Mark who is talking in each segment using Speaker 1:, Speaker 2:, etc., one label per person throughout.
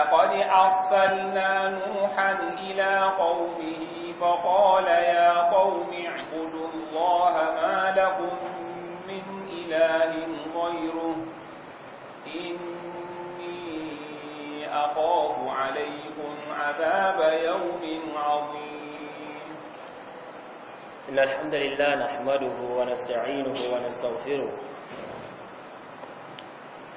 Speaker 1: لقد أرسلنا نوحا إلى قومه فقال يا قوم اعبدوا الله ما لكم من إله غيره إني أخاف عليكم عذاب يوم عظيم
Speaker 2: إن الحمد لله نحمده ونستعينه ونستغفره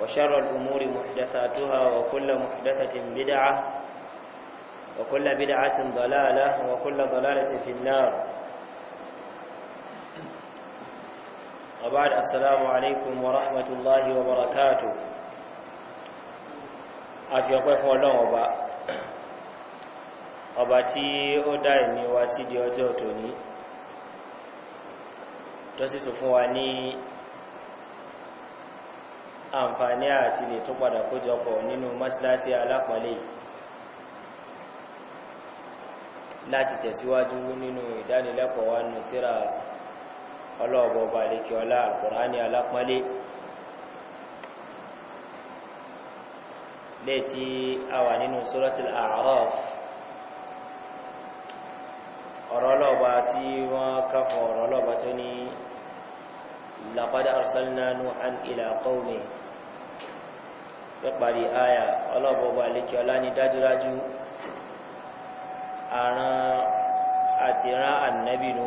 Speaker 2: وشر الأمور محدثاتها وكل محدثة بدعة وكل بدعة ضلالة وكل ضلالة في النار وبعد السلام عليكم ورحمة الله وبركاته أفيقوا فولون وبا ọba tí ó dá ìmí wá sí di ọjọ́ tòní tó sì tó fún wa si di ojo toni to àǹfààní àti lè tó padà kójọpọ̀ nínú masláṣí alápọ̀lẹ̀ láti tẹ̀síwájú nínú ìdánilẹ́kọ̀ọ́ wa nù tíra ọlọ́ọ̀bọ̀ balẹ̀kíọlá alkùnrání alápọ̀lẹ̀ lẹ́tí a wà nínú suratul araf ọ̀rọ̀ ọlọ́ọ̀bá tí wọ́n káfọ̀ ọ̀rọ̀ tó ní لقد أرسلنا نوحا إلى قومه tó parí àyà ọlọ́bọ̀bọ̀ àlejò ọlá ní dájúdájú àrán àti rán ànábìnú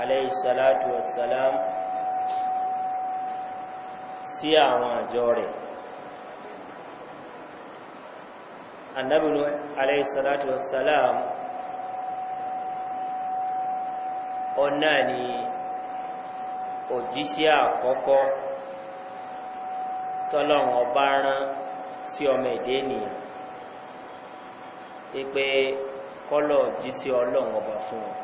Speaker 2: aláìsàlátù wasalam sí àwọn àjọ rẹ̀ ànábìnú aláìsàlátù wasalam ọ̀nà ni òjíṣẹ́ àkọ́kọ́ tọ́lọ́run ọba rán sí ọmọ èdè ènìyàn pé kọ́lọ̀ jí sí ọlọ́run ọba fún wọn.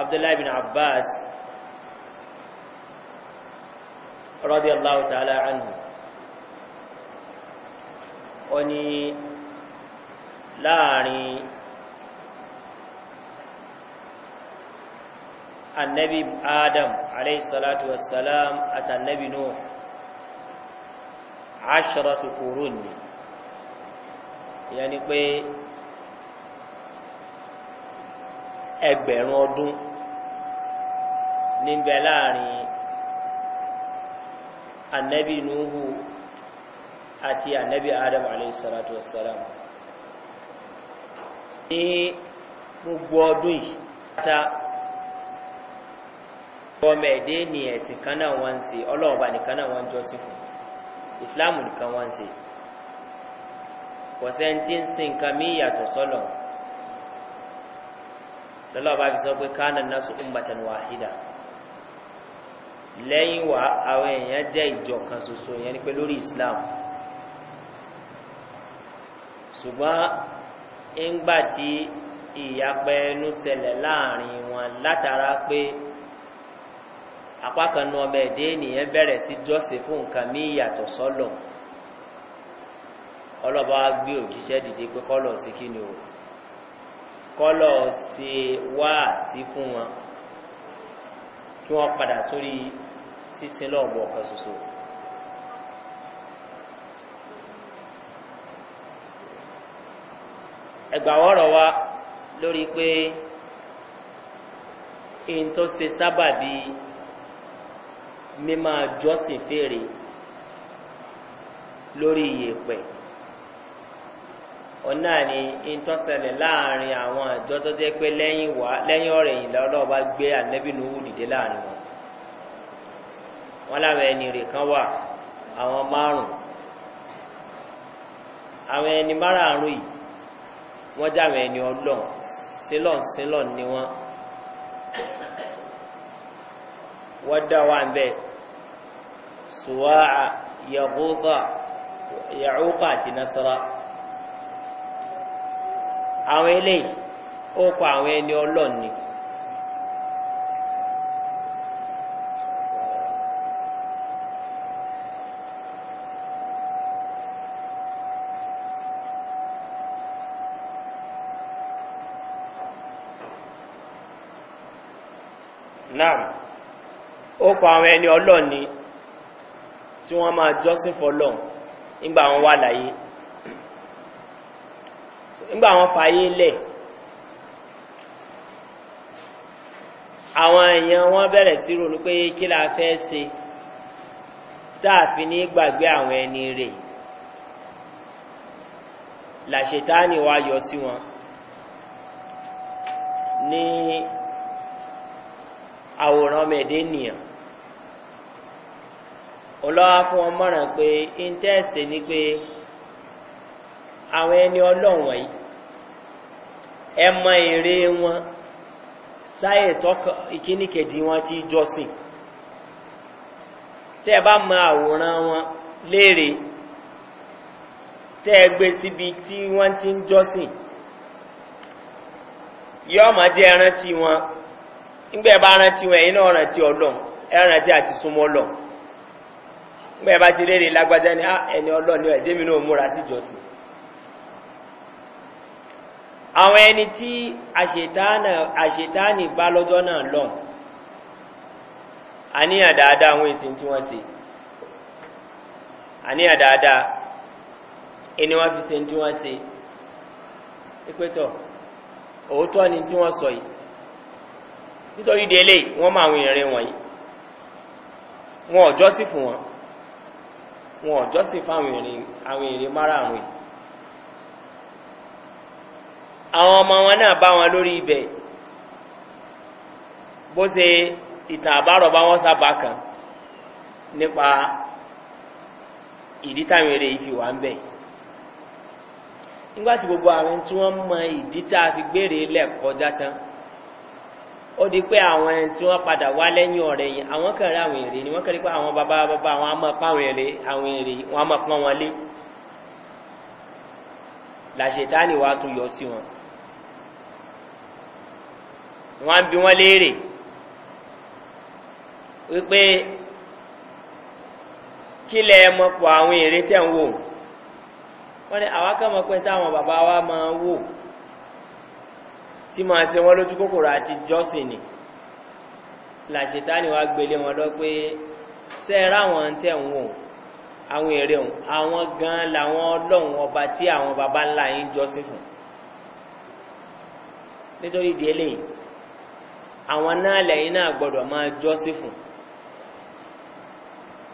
Speaker 2: abdullahi bin abbas rọ́dí allahu ta'ala anhu ó ní láàrin annabi adam aleyhisalatu wassalam àti annabi nuh asharatu kurun ni ìyẹn ni pé ẹgbẹ̀rún ọdún níbẹ̀ láàrin annabi nuhu àti annabi adam aleyhisalatu wassalam ní gbogbo ọdún yìí pátá ọmọ ẹ̀dẹ́ ni ẹ̀sìn kan náà wọ́n ń se ọlọ́ọ̀bá nìkan náà wọ́n ń jọ sí fún ìsìláàmù nìkan wọ́n ń se kọ̀sẹ́ ń sin nǹkan mí ìyàtọ̀ sọ́lọ̀ lọ́lọ́ọ̀bá fi sọ pé kánà náà sọ fún bàtàn wàhídà lẹ́yìn wá àwọn èèyàn kan ṣoṣo yẹn ni pé lórí apá kan nu ọmọ ẹ̀dẹ́ ènìyàn bẹ̀rẹ̀ sí jọ́sìn fún nǹkan ní ìyàtọ̀ sọ́lọ̀ ọlọ́ba wa gbé òjíṣẹ dìde pé kọ́lọ̀ sí kí ni o kọ́lọ̀ ṣe wá sí fún wọn kí wọn padà sórí sísin lọ́ọ̀bù ọ̀kan ṣoṣo. ẹgbàwọ́rọ̀ wa lórí pé èyí tó ṣe sábàbí mímọ́ jọ́sìn fèrè lórí ìyèpẹ̀ ọ̀nà ni ìtọ́sẹ̀lẹ̀ láàrin àwọn àjọ tó jẹ́ pé lẹ́yìn ọ̀rẹ̀ yìí lọ́dọ̀ bá gbé ànẹ́bìnú wù dìde láàrin wọn wọn láwọn ẹni rè kan wà àwọn márùn àwọn ẹni márààrún yìí wọ́n jáwé ẹni ọlọ́n sílọ̀n sílọ̀n ni wọ́n wọ́n dá wà ń bẹ́ẹ̀ sùwáà yàgóòtà yàgóòpà àti nasara àwọn eléyìí o kwa àwọn ẹni ọlọ́ọ̀ni náà O kwa tí wọ́n máa jọ́sìn fọlọ́n nígbà wọn wà láyé nígbà wọn fàyé lẹ̀ àwọn èèyàn wọn bẹ̀rẹ̀ sí ronú pé kí la fẹ́ ṣe táàfin ní gbàgbé àwọn ẹni rè làṣetáni wa yọ sí wọn ní àwòrán mẹ́ẹ̀dẹ́nìyàn ọlọ́wà fún wọn mọ́ràn pé íńtẹ́ẹ̀sì ni pé àwọn ẹni ọlọ́run wọ̀nyí ẹ ma wọn sáyè tọ́kọ̀ ìkíníkèjì wọn ti jọ́sìn tẹ́ bá mọ àwòrán wọn léèrè tẹ́ gbé síbi tí wọ́n ti ń yọ́ ma jẹ́ ẹrántí wọn nígbẹ̀ bá wọn ẹ̀yìn náà súnmọ́ mọ́ ẹ̀bá ti rèrè lágbàjá ní ah, ẹni ọlọ́ni ẹ̀jẹ́mi náà múra sí jọsìn àwọn ẹni tí àṣetáni bá lọ́jọ́ náà lọ́n àníyàn dáadáa àwọn ìsìn tí wọ́n se àníyàn dáadáa ẹni wọ́n fi se tí wọ́n se ìpẹ́tọ̀ òótọ́ ni tí wọ́n sọ yìí nítorí délé wọ́n máa àwọn ìrìn wọ̀nyí wọn ọ̀jọ́ sí fún wọn wọn ọ̀jọ́sìn fáwọn èrè márààrùn àwọn ọmọ wọn náà bá wọn lórí ibẹ̀ bó ṣe ìtàn àbárọ̀ bá wọn sábà kan nípa ìdí táwọn èrè yìí fi wà ń bẹ̀ nígbàtí gbogbo àwọn tí wọ́n mọ ìdí fi gbére lẹ̀ kọjá tán ó di pé àwọn ẹni tí wọ́n padà wá lẹ́yìn ọ̀rẹ́ yìí àwọn kan àwọn èrè ni wọ́n kẹ́rí pé àwọn bàbá bàbá àwọn amọ̀ páwọn èrè àwọn èrè wọn amọ̀ pọ́n wọn lé làṣetáni wa tún yọ sí wọn wọ́n bí wọ́n léèrè wípé kí lẹ mọ̀pọ̀ àwọn èrè tẹ̀ ń wò wọ́n ní àwọn akẹ́mọ̀pẹ́ táwọn bàbá wa máa ń tí máa se wọ́n lójú kòkòrò àti jọ́sìn ni làṣetáni wá gbélé wọn lọ pé sẹ́ẹ̀rá àwọn ń tẹ̀ wọ́n àwọn èrè wọn àwọn gan làwọn ọlọ́run ọba tí àwọn baba ńlá yín jọ́sìn fún nítorí ìdí eléyìí àwọn náà lẹ́yìn náà gbọ́dọ̀ máa jọ́sìn fún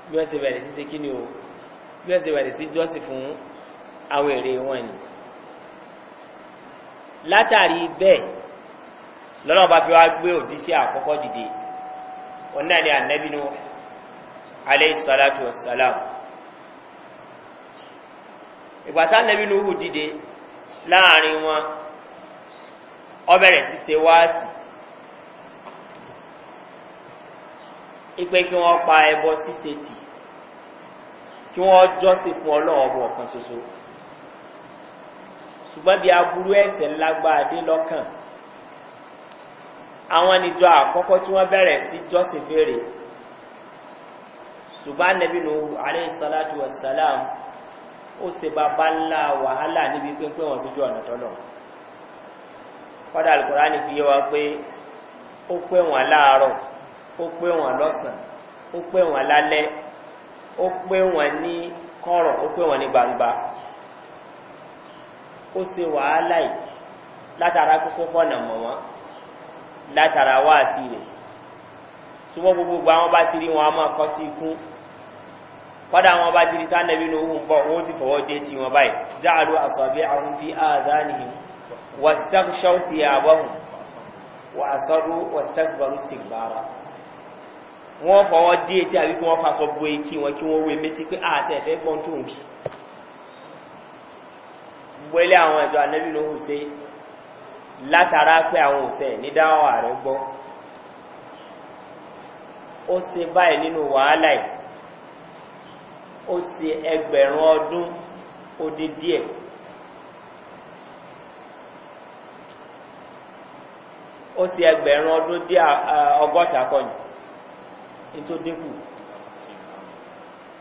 Speaker 2: bí wọ́n ṣe bẹ̀rẹ̀ sí ṣe kí ni o bí wọ́n ṣe bẹ̀rẹ̀ sí jọ́sìn fún àwọn èrè wọn ni. látàrí bẹ́ẹ̀ lọ́nà bá fi wá gbé òdí àkọ́kọ́ dìde ọ̀nà ni ànẹ́bínú aléìsọ́látù ọ̀sálàmù ìgbàtà ànẹ́bínú hù dìde láàrin wọn ọbẹ̀rẹ̀ sí se wáàsì ipe kí wọ́n pa ẹbọ síse tì kí wọ́n jọ́sìn fún ọlọ́ọ̀bọ̀ ọ̀kan ṣoṣo. ṣùgbọ́n bí aburú ẹ̀sẹ̀ lágbàdé lọ́kàn àwọn níjọ àkọ́kọ́ tí wọ́n bẹ̀rẹ̀ sí jọ́sìn fèrè ṣùgbọ́n anẹ́bínú aláìsọ́lájú wasalam ó se bá bá ńlá wàhálà níbi pínpín wọn sójú ọ̀nà tọ́lọ̀ kọ́dà alukọ́rá ní fi yé wa pé ó pé wọn láàárọ̀ ó pé wọn lọ́sàn ó pé wọn lálẹ́ ó pé wọn ní kọ́rọ̀ ó pé wọn ní gbangba ó se wàhálà yìí látara kókó fọ́nà mọ̀ wọ́n látara wá àti rẹ̀ ṣùgbọ́n gbogbo àwọn bá ti rí wọn a máa kọ́ ti kún kọ́dà àwọn bá ti rí tánàbí ní ohun bọ̀ wọ́n ti fọwọ́ dé ti wọn báyìí jáàlú àsọ̀bí àwọn bí àádánihìn wàtàkṣọ́ ti àbọ̀hùn wà àsọ́rú wàtàkbàrú stigbara wọ́n fọwọ́ dé ti àbí kí wọ́n fasọ bo etí wọn kí wọ́n wé méjì pé àtẹ̀fẹ́ ah, gbọ́n tó ń kì í pẹ́lẹ́ àwọn ẹ̀dọ́ anẹ́bí ló hù sí látara pé àwọn òsẹ̀ ní dáwà rẹ̀ gbọ́ ó se báyìí nínú wàhálà ẹ̀ ó se ẹgbẹ̀rún ọdún ó dé díẹ̀ ó se ẹgbẹ̀rún ọdún dí ọgọ́ta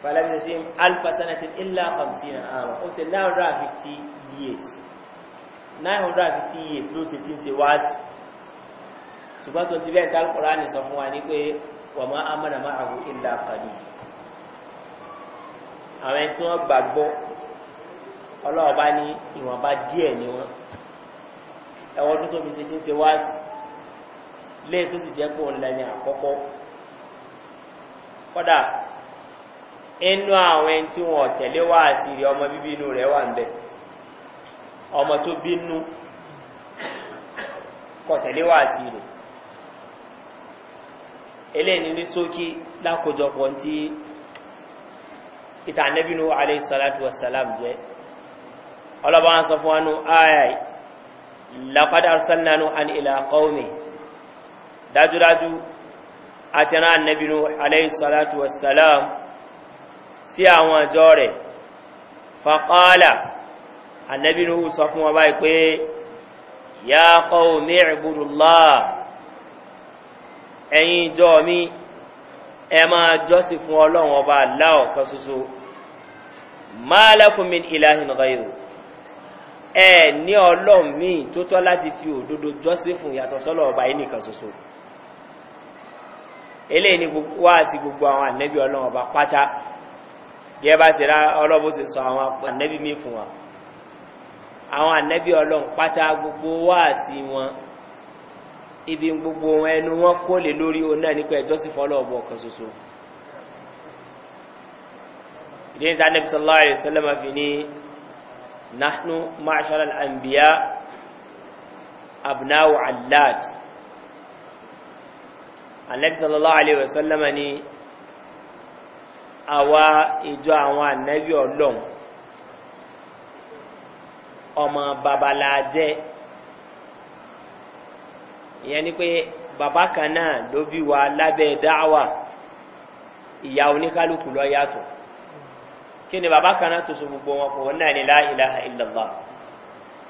Speaker 2: فلم يسهم ألف سنة إلا خمسين عاما ó ṣe nine hundred and fifty years nine hundred and fifty years ló ṣe tí ń ṣe wáàsì ṣùgbọ́n tó ti bẹ́ẹ̀ tá alukur'ani sọ fún wa ní pé wà má amánà má àbò ilà kàdí àwọn ẹni tí wọ́n gbàgbọ́ ọlọ́ọ̀bá ní ìwọ̀nba díẹ̀ ni wọ́n ẹwọ́n tó tóbi ṣe tí ń ṣe wáàsì léè tó sì jẹ́ pé òun lẹ́ni àkọ́kọ́ kọ́dà inú àwọn ẹni tí wọn tẹ̀lé wá àti rí ọmọ bíbí inú rẹ̀ wà ń bẹ̀ ọmọ tó bínú kọ̀ tẹ̀lé wá àti rí eléyìí ní sókí lákòjọpọ̀ tí ìtànẹ́bínú aleyhisalatu wasalam jẹ́ ọlọ́bá ń sọ fún wánú ayáyí lápádà sannánú an ilá kọ́ọ̀mì dájúdájú àti rán annabinu aleyhisalatu wasalam sí àwọn ìjọ rẹ̀ fàkọ́lá ànẹ́bínú sọ fún wọn báyìí pé ya kọ́ omi ìrìbùdùlá ẹ̀yìn ìjọ mi ẹ máa jọ́sì fún ọlọ́run ọba aláwọ̀ kan ṣoṣo máa lẹ́kùnmin ìlàhìn rẹ̀rù ẹ ní ọlọ́run míì tó tọ́ láti fi òdodo jọ́sì fún yàtọ̀ sọ́lọ́ ọba yìí nìkan ṣoṣo eléyìí ni wá sí gbogbo àwọn ànẹ́bí ọlọ́run ọba pátá yẹ bá ṣe rá ọlọ́bù sì sọ àwọn ànẹ́bí mi fún wa àwọn ànẹ́bí ọlọ́run pátá gbogbo wá sí wọn ibi gbogbo wọn ẹnu wọn kó lè lórí òun náà nípa ẹjọ́ sì fọ́lọ́ ọ̀bọ̀ kan ṣoṣo ìdí ní tánẹ́bí sọlá rẹ̀ sọlẹ́mà fi ní nahnu marshal anbiya abnawo allad ànẹ́bí sọlá rẹ̀ sọlẹ́mà ní àwa ìjọ àwọn ànẹ́bí ọlọ́run ọmọ babalá jẹ́ ìyẹn ni pé bàbá kan náà ló bí wa lábẹ́ dáwà ìyá oníkálukú lọ yàtọ̀ kí ni bàbá kan náà tó so gbogbo wọn kò náà ní láìláha ìlàlá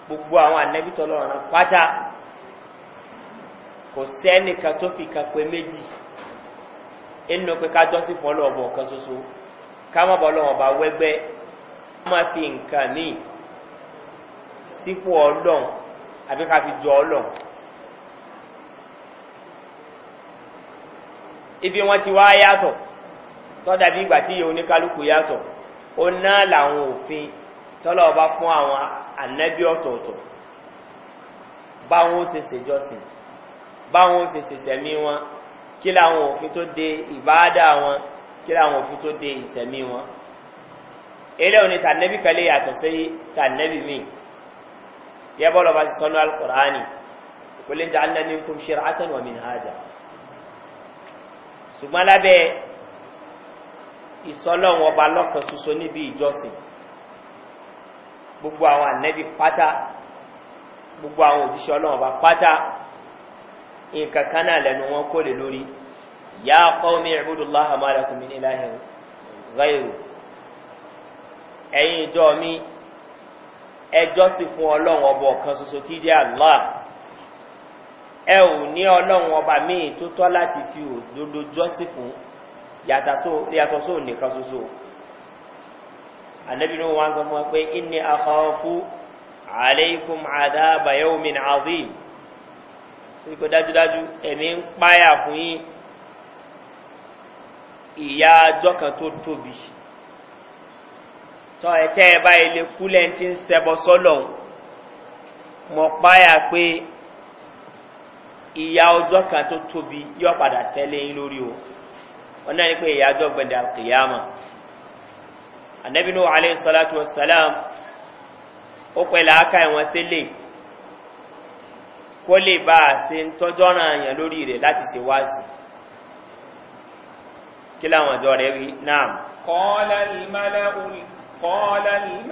Speaker 2: gbogbo àwọn ànẹ́bí tọ́lọ́run pátá kò sẹ́nìkan tó fi kan pé méjì inú pé ká jọ́sìn fún ọlọ́ọ̀bọ̀ kan ṣoṣo ká má bọ́ ọlọ́wọ́n bá wẹ́gbẹ́ ká má fi nǹkan ní sípò ọlọ́run àbí ká fi jọ ọlọ́run. ibi wọn ti wá yàtọ̀ tọ́dà bí ìgbà tí oníkálukú yàtọ̀ ó ná làwọn òfin tọ́lọ̀ ọba fún àwọn ànẹ́bí ọ̀tọ̀ọ̀tọ̀ báwọn ó ṣe ṣèjọsìn báwọn ó ṣe ṣèṣẹ̀mí wọn kí làwọn òfin tó de ìbáadà wọn kí làwọn òfin tó de ìsẹ̀mí wọn eléyìí ni tànẹ́bì kẹlẹ́ yàtọ̀ sí tànẹ́bì mi yẹ́bọ́ lọ́ba ti sọ́nú alukur'ani kòlẹ́ jẹ́ alẹ́ni kò ṣe ràtàn wà mí hájà ṣùgbọ́n lábẹ́ ìsọ́lọ́wọ́n ọba lọ́kàn ṣoṣo níbi ìjọsìn gbogbo àwọn ànẹ́bì pátá gbogbo àwọn òjíṣẹ́ ọlọ́wọ́n ọba pátá nǹkan kan náà lẹ́nu wọn kó lè lórí ya kọ́mi ìbúdùláh àmàlẹ́kùn mi níláhìn gáìrù ẹ̀yin ìjọ mi ẹjọ́ sì fún ọlọ́run ọba ọ̀kan ṣoṣo tí jẹ́ allah ẹ ò ní ọlọ́run ọba míì tó tọ́ láti fi òdodo jọ́sìn fún yàtọ̀ sóò nìkan ṣoṣo annabi wọn sọ fún wọn pé inni akọ̀ọ́ fún aleikum adaba yau min azim ìgbẹ́ dájúdájú ẹ̀mí ń páyà fún yín ìyá ajọ́ kan tó tóbi tọ́ ẹ̀tẹ́ ẹ̀ báyìí lè kúlẹ̀ tí ń sẹ́bọ sọ́lọ̀ mọ̀ páyà pé ìyá ọjọ́ kan tó tóbi yọ padà sẹ́lẹ̀ yín lórí o wọn náà ní pé ìyá ajọ́ gbẹ̀dẹ̀ àkìyàmọ̀ ànẹ́bínú alẹ́ sọ́lá tó sàlám ó pẹ̀lú àáká ìwọ̀n sílẹ̀ kó lè bá a se ń tọ́jọ́ ràn yàn lórí rẹ̀ láti se wá sí kí láwọn ọjọ́ rẹ̀ rí náà
Speaker 1: kọ́ọ̀lá ìmàlà omi àwọn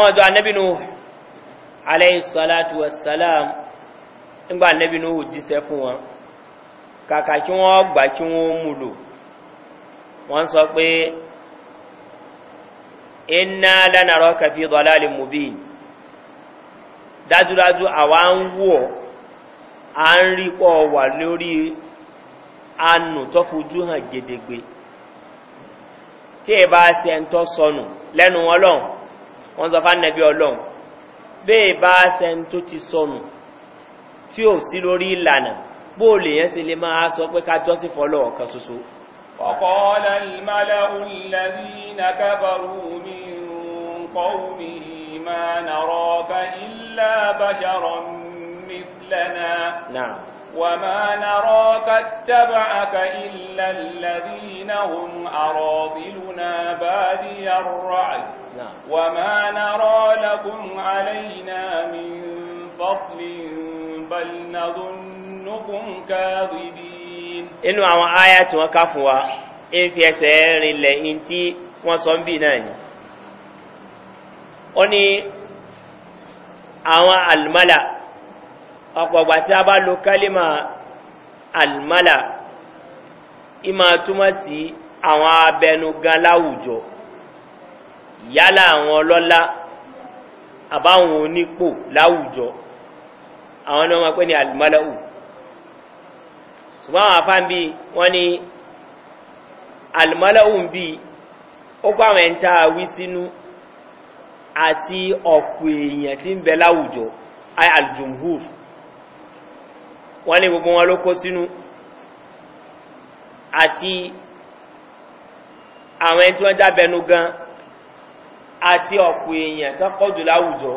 Speaker 2: ọjọ́ anẹ́bìnú aláìsọ́látù wasalam nígbà anẹ́bìnú jíṣẹ́ fún wọn kàkà kí wọ́n gbà kí wọ́n múlò wọ́n sọ pé iná lẹ́nàrọ́ kẹfì dọ́lálì mùbí dájúdájú àwa ń wò a ń rí pọ̀ wà lórí anù tó hàn gedegbe tí ẹ bá ṣe ń tọ́ sọnù lẹ́nu wọ́n sọ fánàbí ọlọ́run bí ẹ bá ṣe ń tó ti sọnù tí ò sí lórí ìlànà bóòlù yẹn sì lè máa sọ pé ká jọ́sí fọlọ́ ọ̀kan
Speaker 1: وقال الملأ الذين كفروا من قومه ما نراك إلا بشرا مثلنا نعم وما نراك اتبعك إلا الذين هم أراضلنا بادي الرعي نعم. وما نرى لكم علينا من فضل بل نظنكم كاذبين inú àwọn
Speaker 2: áyá tí wọ́n ká fún wa ń fi ẹsẹ̀ rinlẹ̀ in tí wọ́n sọ ń bì náà ni ó ní àwọn almala ọ̀pọ̀gbà tí a bá lo kálímà almala ìmá túmọ̀ sí àwọn abẹnugan láwùjọ yálà àwọn ọlọ́lá àbáwọn onípò láwùjọ àwọn ọmọ pẹ́ ní almalau ṣùgbọ́n àwọn afá ń bí wọ́n ní alìmọ́lẹ́hùn bí ó kó àwọn ẹ̀ńtà wí sínú àti ọ̀pọ̀ èèyàn tí ń bẹ láwùjọ ayé aljumhur wọ́n ní gbogbo wọn ló kó sínú àti àwọn ẹni tí wọ́n jábẹnu gan àti ọ̀pọ̀ èèyàn tó pọ̀jù láwùjọ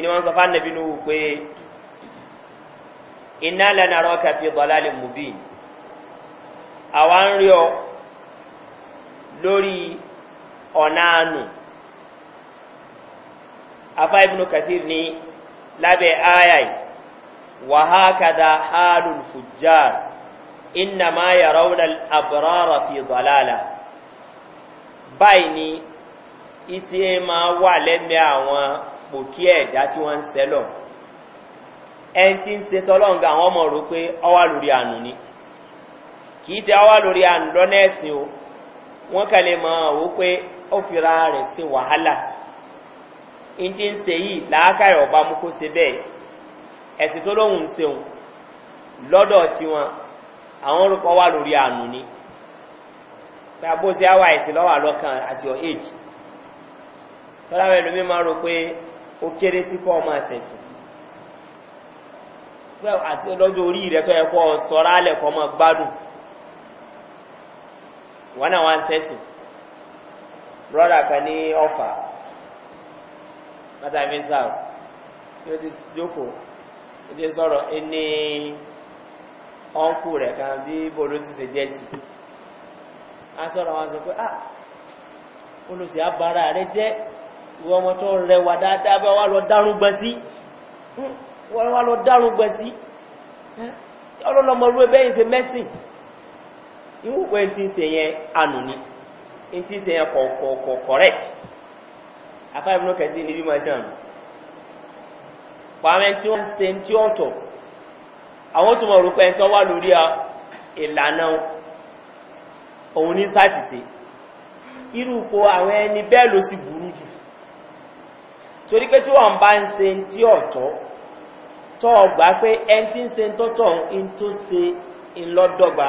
Speaker 2: ni wọ́n sọ fánàbínú pé iná lẹ́nà rọ́kà fi dọ̀lá lè mú bíi àwa ń rí ọ lórí ọ̀nà àánú afá ibùnú kathir ní lábẹ́ ayai wàhákàdá hálùl fujjar inna ma yà raunar abúrára fi zalala báyìí ni iṣẹ́ máa wà lẹ́mẹ́ àwọn pòkí ẹ̀dá tí wọ́n ń sẹ́lọ̀ ẹni tí ń se tọ́lọ́ǹgá àwọn ọmọ rò pé ọwà lórí àánú ni kì í ti àwa lórí àndọ́nẹ́ẹ̀sì o wọ́n kà lè mọ àwọn pé ó ra rẹ̀ sí wàhálà n ti ń ṣe yìí làákàyè ọba mú kó se bẹ́ẹ̀ ẹ̀sìn tó lóhùn ń ṣeun lọ́dọ̀ tiwọn àwọn orúkọ wà lórí àánú ni tàbó sí àwà ẹ̀sìn lọ́wà lọ́kàn àti ọ̀ èjì tọ́láwọ̀ ẹlòmí máa rò pé ó kéré sí kọ́ ọmọ ẹ̀sẹ̀sìn àti lọ́jọ́ orí rẹ̀ tọ́ ẹ̀kọ́ ọmọ gbádùn One on one session. Brother brọ́dà kan ní ọ̀fà mátàmí sáà yóò ti jókòó ó ti sọ̀rọ̀ ẹni ọ̀nkù rẹ̀ kan bí bòdó ti ṣe jẹ́ sí a sọ̀rọ̀ wọn sọ pé ah olùsí abara rẹ jẹ́ ìwọ ọmọ tó rẹwà dáadáa bá wà lọ dárúgbọ́n sí hmm, wọ́n wà lọ dárúgbọ́n sí eh, ọlọ́lọ́mọ rú ẹbẹ́yìn ṣe mẹ́sìn irú pé tí ń se yẹn anù ni ń tí ń se yẹn kọ̀ọ̀kọ̀ correct afá ìbúná kẹtí ní bí máa ṣe àmì pàmẹ́ tí wọ́n se tí ó tọ̀ àwọn tó mọ̀ rú pé tó wà lórí ìlànà òun ní sátìsí irú po àwọn ẹni bẹ́ẹ̀ ló sì burú torí pé tí wọ́n bá ń se tí ọ̀tọ̀ tọ́ ọgbà pé ẹni ń se tọ́tọ̀ ń tó se ńlọ́dọ́gba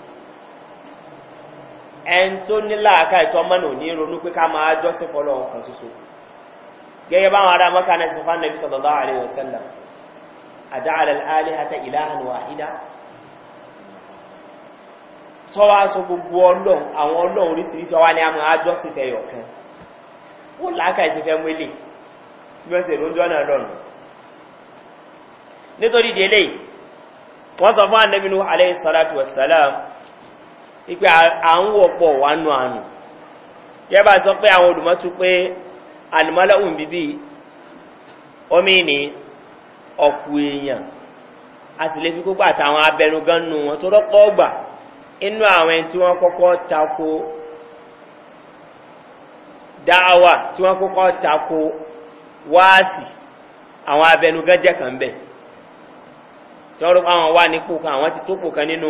Speaker 2: ẹn tó nílà àká ìtọ́ mọ́nà ò ní ronú pé ká máa jọ́sìn fọ́lọ́ ọkàn ṣoṣo gẹ́gẹ́ báwọn ará mọ́ká náà sọ fánàbí sọ̀lọ́lá àrẹ òsẹ́lá àjáàlẹ̀ alẹ́ hata ìlàhàn wàhídá sọ́wọ́ aṣọ gbogbo ọlọ́run àwọn ọlọ́run ipe à ń wọ̀pọ̀ wánú àánú yẹ́bà sọ pé àwọn olùmọ́tú pé alìmọ́lẹ́hùn bíbí omi ní ọ̀pù èèyàn a sì lè fi kó pàtà àwọn abẹnugan nù wọn tó rọ́pọ̀ ọgbà inú àwọn ẹni tí wọ́n kọ́kọ́ tako dáwà tí wọ́n kọ́kọ́ tako wáàsì àwọn abẹnugan jẹ́ kan bẹ̀ tí wọ́n rọ́pọ̀ àwọn wà nípò kan àwọn ti tópò kan nínú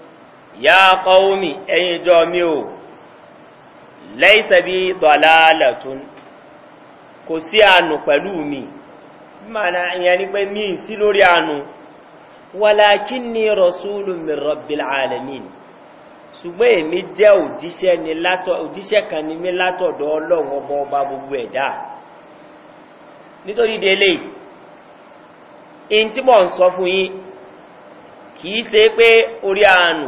Speaker 2: ya kọ́wọ́mì ẹ̀yìn ìjọ mi ò lẹ́ìsẹ̀bí tọ́lálẹ̀tún kò sí ànù pẹ̀lú mi mana ìyẹn ni pé mi sí lórí ànù wàlákí ni rọ̀súlù mi rọ̀bìl alamin ṣùgbọ́n èmi jẹ́ òjíṣẹ́ kan ní mi látọ̀dọ̀ ọlọ́run ọba ọba gbogbo ẹ̀dá nítorí délé èyí ń sọ fún yín kìí ṣe pé orí àánú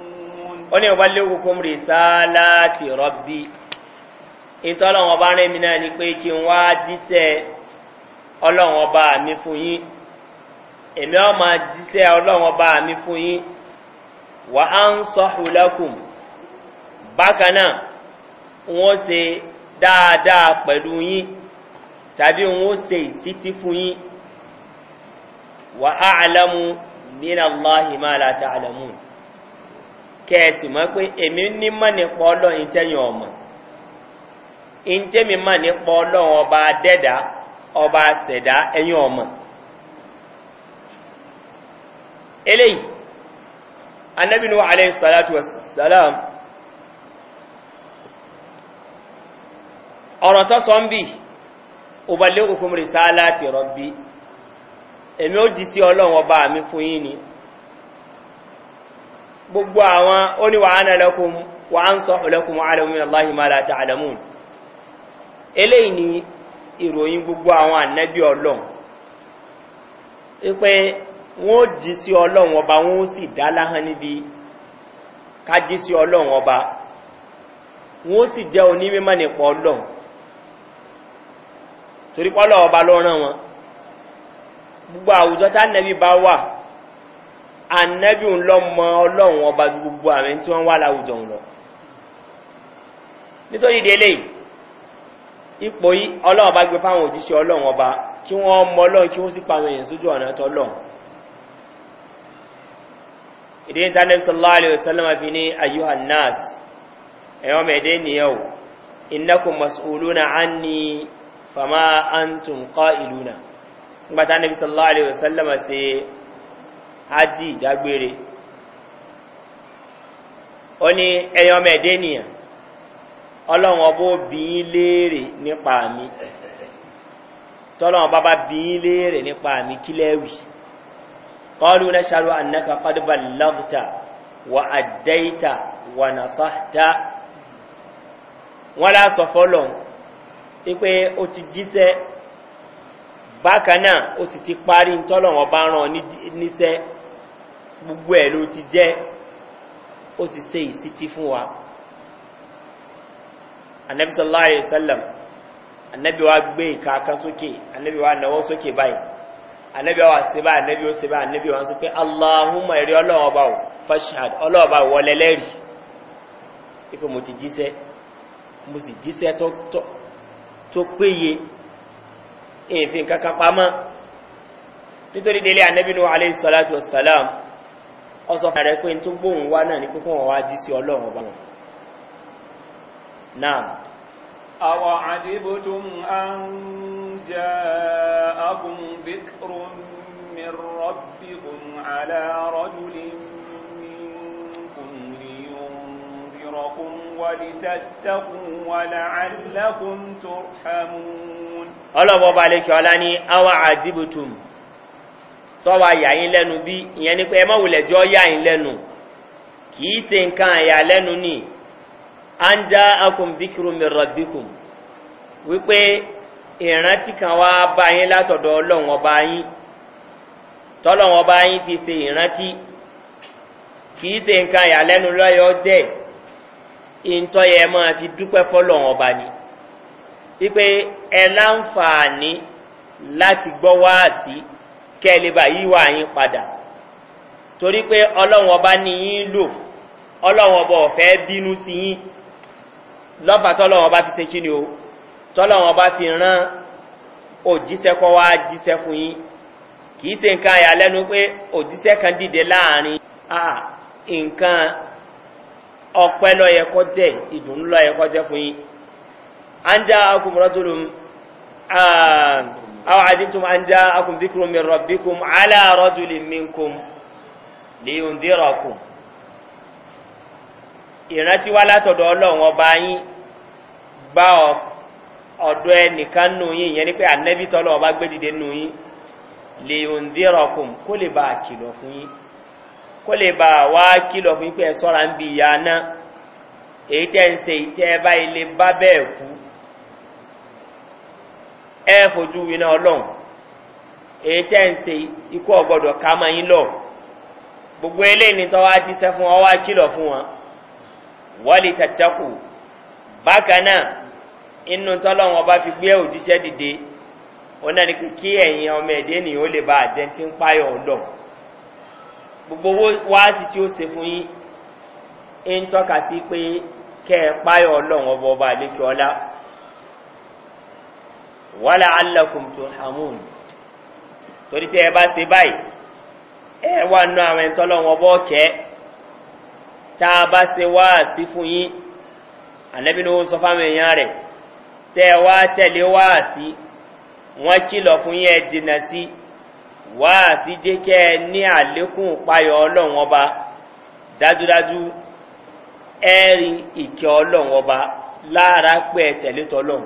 Speaker 2: wọ́n ní ọba léwu kún rí sáálá ti rọ́bí ìtọ́lọ́wọ́n bá rẹ̀ mi náà ni pé kí n wá díṣẹ́ ọlọ́wọ́n bá mi fún yín èmi ọmọ díṣẹ́ ọlọ́wọ́n bá mi fún yín wà á ń sọ hùlẹ́kùn bákan wọ́n ṣe dáadáa pẹ̀lú yín tàbí wọ́n ṣe ìsítí fún yín wà á àlámù mí náà láhìmá látàlámù yìí. kẹ́ẹ̀sì mọ́ pé èmi ní mọ́ nípa ọlọ́run tẹ́yìn ọmọ ìjẹ́mi mọ́ nípa ọlọ́run ọba dẹ́dà ọba ṣẹ̀dá ẹ̀yìn ọmọ eléyìí anábìnú alayhi salatu ọ̀rọ̀ tó sọ ń bí ọbalẹ́ òkùnkùn sáà láti rọ̀bí èmi ó ọba mi fún ni gbogbo àwọn oníwà ní wàhánà wa wà ń sọ ọ̀lọ́kùn alamun aláhì máa láti alamun ni ìròyìn gbogbo àwọn ànẹ́bí ọlọ́n wípé wọ́n jí sí ọlọ́run ọba wọ́n sì dá láhán níbi ká jí sí ọlọ́run ọba wọ́n sì jẹ́ onímọ̀ annabi lọ́mọ ọlọ́run ọba gbogbo àmì tí wọ́n wá láwùjọ lọ nítorí délé ipò yí ọlọ́run ọba gbé fáwọn òjíṣẹ́ ọlọ́run ọba kí wọ́n mọ ọlọ́run kí wọ́n sì pa àwọn èèyàn sójú ọ̀nà tọ́lọ́run alayhi wa sallam fi mas'uluna ájì ìdágbére ó ní ẹyọ mẹ́ẹ̀dé ọlọ́run ọbọ̀ obìnrin léèrè nípa mi tọ́lọ́run bábá bìnrin léèrè nípa mi kí lẹ́wì kọlu na ṣàrò annaka kọdùbà lọ́gta wa àdáìta wa nasáta wọ́n lásọ fọ́lọ̀ wípé ó ti jíṣẹ́ bákanáà ó sì ti parí gbogbo ẹ̀ ló ti jẹ́ ó ti se ìsítí fún wa anabi sallallahu alayhi wa sallam anabi wa gbé ìkàkà sókè anabi wa náwó sókè báyìí anabi wa se báyìí anabi wa se báyìí anabi wa sọ pé allahumma rí ọlọ́wọ́ bá mo ti jíṣẹ́ mo sì jíṣẹ́ tó péye èèfin kankan pamọ́ nítorí délé anabi nu alayhi salatu wa salam ọsọ fún ààrẹ pé tó gbóhùn wá náà ní pé kọ́ wá jí sí ọlọ́run ọba wọn náà
Speaker 1: àwọ̀ àdébótún an jẹ́ agun bíkrún mìírọ̀bíkún alárọ́júlín minkum liyunzirakum walitattaqun wala'allakum
Speaker 2: turhamun sọ́wọ́ àyà lẹ́nu bí ìyẹn ni pé ẹ mọ́wùlẹ̀ jọ kìí se nǹkan àyà lẹ́nu ní anja akum zikiru mi rabbikum wípé ìrántí kan wá bá yín látọ̀dọ̀ ọlọ́wọ́n bá yín tọ́lọ́wọ́n bá yín fi se ìrántí kìí se nǹkan àyà lẹ́nu lọ́yọ́ jẹ́ ìntọ́yẹ kẹ́lẹ́bà yíwà yín padà torí pé ọlọ́wọ̀n bá ní yín lò ọlọ́wọ̀n bọ̀ fẹ́ bínú sí yín lọ́pàá tọ́lọ́wọ̀n bá fi se kí ni o tọ́lọ́wọ̀n bá fi rán òjíṣẹ́ wá jíṣẹ́ fún kìí se nǹkan pé kan dìde láàrin nǹkan ọpẹ́ awa adibtum an ja'akum dhikrun min rabbikum ala rajulin minkum liyundhirakum ìrántí wá látọ̀dọ̀ ọlọ́run ọba yín bá ọ̀dọ̀ ẹnìkan nù yín ìyẹn ni pé ànẹ́bí tọ́lọ́ ọba gbé dìde nù yín liyundhirakum kó lè bá kìlọ̀ fún yín kó lè bá wá kìlọ̀ fún yín pé ẹ sọ́ra ń bi ìyá náà èyí tẹ́ ń se ìtẹ́ báyìí lè bá bẹ́ẹ̀ kú ẹ fojú winá ọlọ́run èyí tẹ́ ń se ikú ọ̀gbọ́dọ̀ ká máa yín lọ gbogbo eléyìí ni tọ́wá jíṣẹ́ fún ọwá kìlọ̀ fún wọn wọ́lì tàtàkù bákan náà inú tọ́lọ́run ọba fi gbé òjíṣẹ́ dìde òun náà ni pé kí ẹ̀yin ọmọ ẹ̀dẹ́ ènìyàn ó lè ba àjẹ́ tí ń páyọ̀ ọlọ́run gbogbo wáàsì tí ó se fún yín ń tọ́ka sí pé kẹ́ ẹ páyọ̀ ọlọ́run ọba ọba àlékè ọlá wàlá alákùn tó hàmùn torí tí ẹ bá ti báyìí ẹ wà nù àwọn ìtọ́lọ́wọ́ bọ́ kẹ́ tá a bá ṣe wá sí fún yín ànẹ́bí ló sọ fáwọn èèyàn rẹ̀ tẹ́ ẹ wá tẹ̀lé wá sí wọ́n kìlọ̀ fún yín ẹ dìnà sí wá sí jẹ́ kẹ́ ní àlékún ìpayọ̀ ọlọ́run ọba dájúdájú ẹ ìkẹ́ ọlọ́run ọba lára pé tẹ̀lé tọ́lọ́run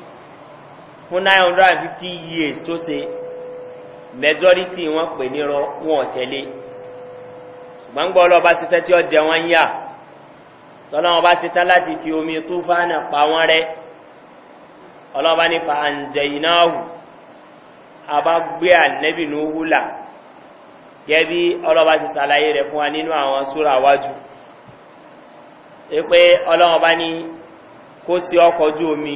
Speaker 2: fún 950 years tó ṣe majority wọn pè ní rọ wọn tẹ̀lé ṣùgbọ́n gbọ́ ọlọ́ba ṣiṣẹ́ tí ó jẹ yà tọ́lọ́wọ́n bá láti fi omi tó fánà pa wọ́n rẹ ọlọ́ba nípa àǹjẹ̀ ìnáhù àbá ànẹ́bì ní wúlà ọlọ́ba ti ṣàlàyé fún wa nínú àwọn súra omi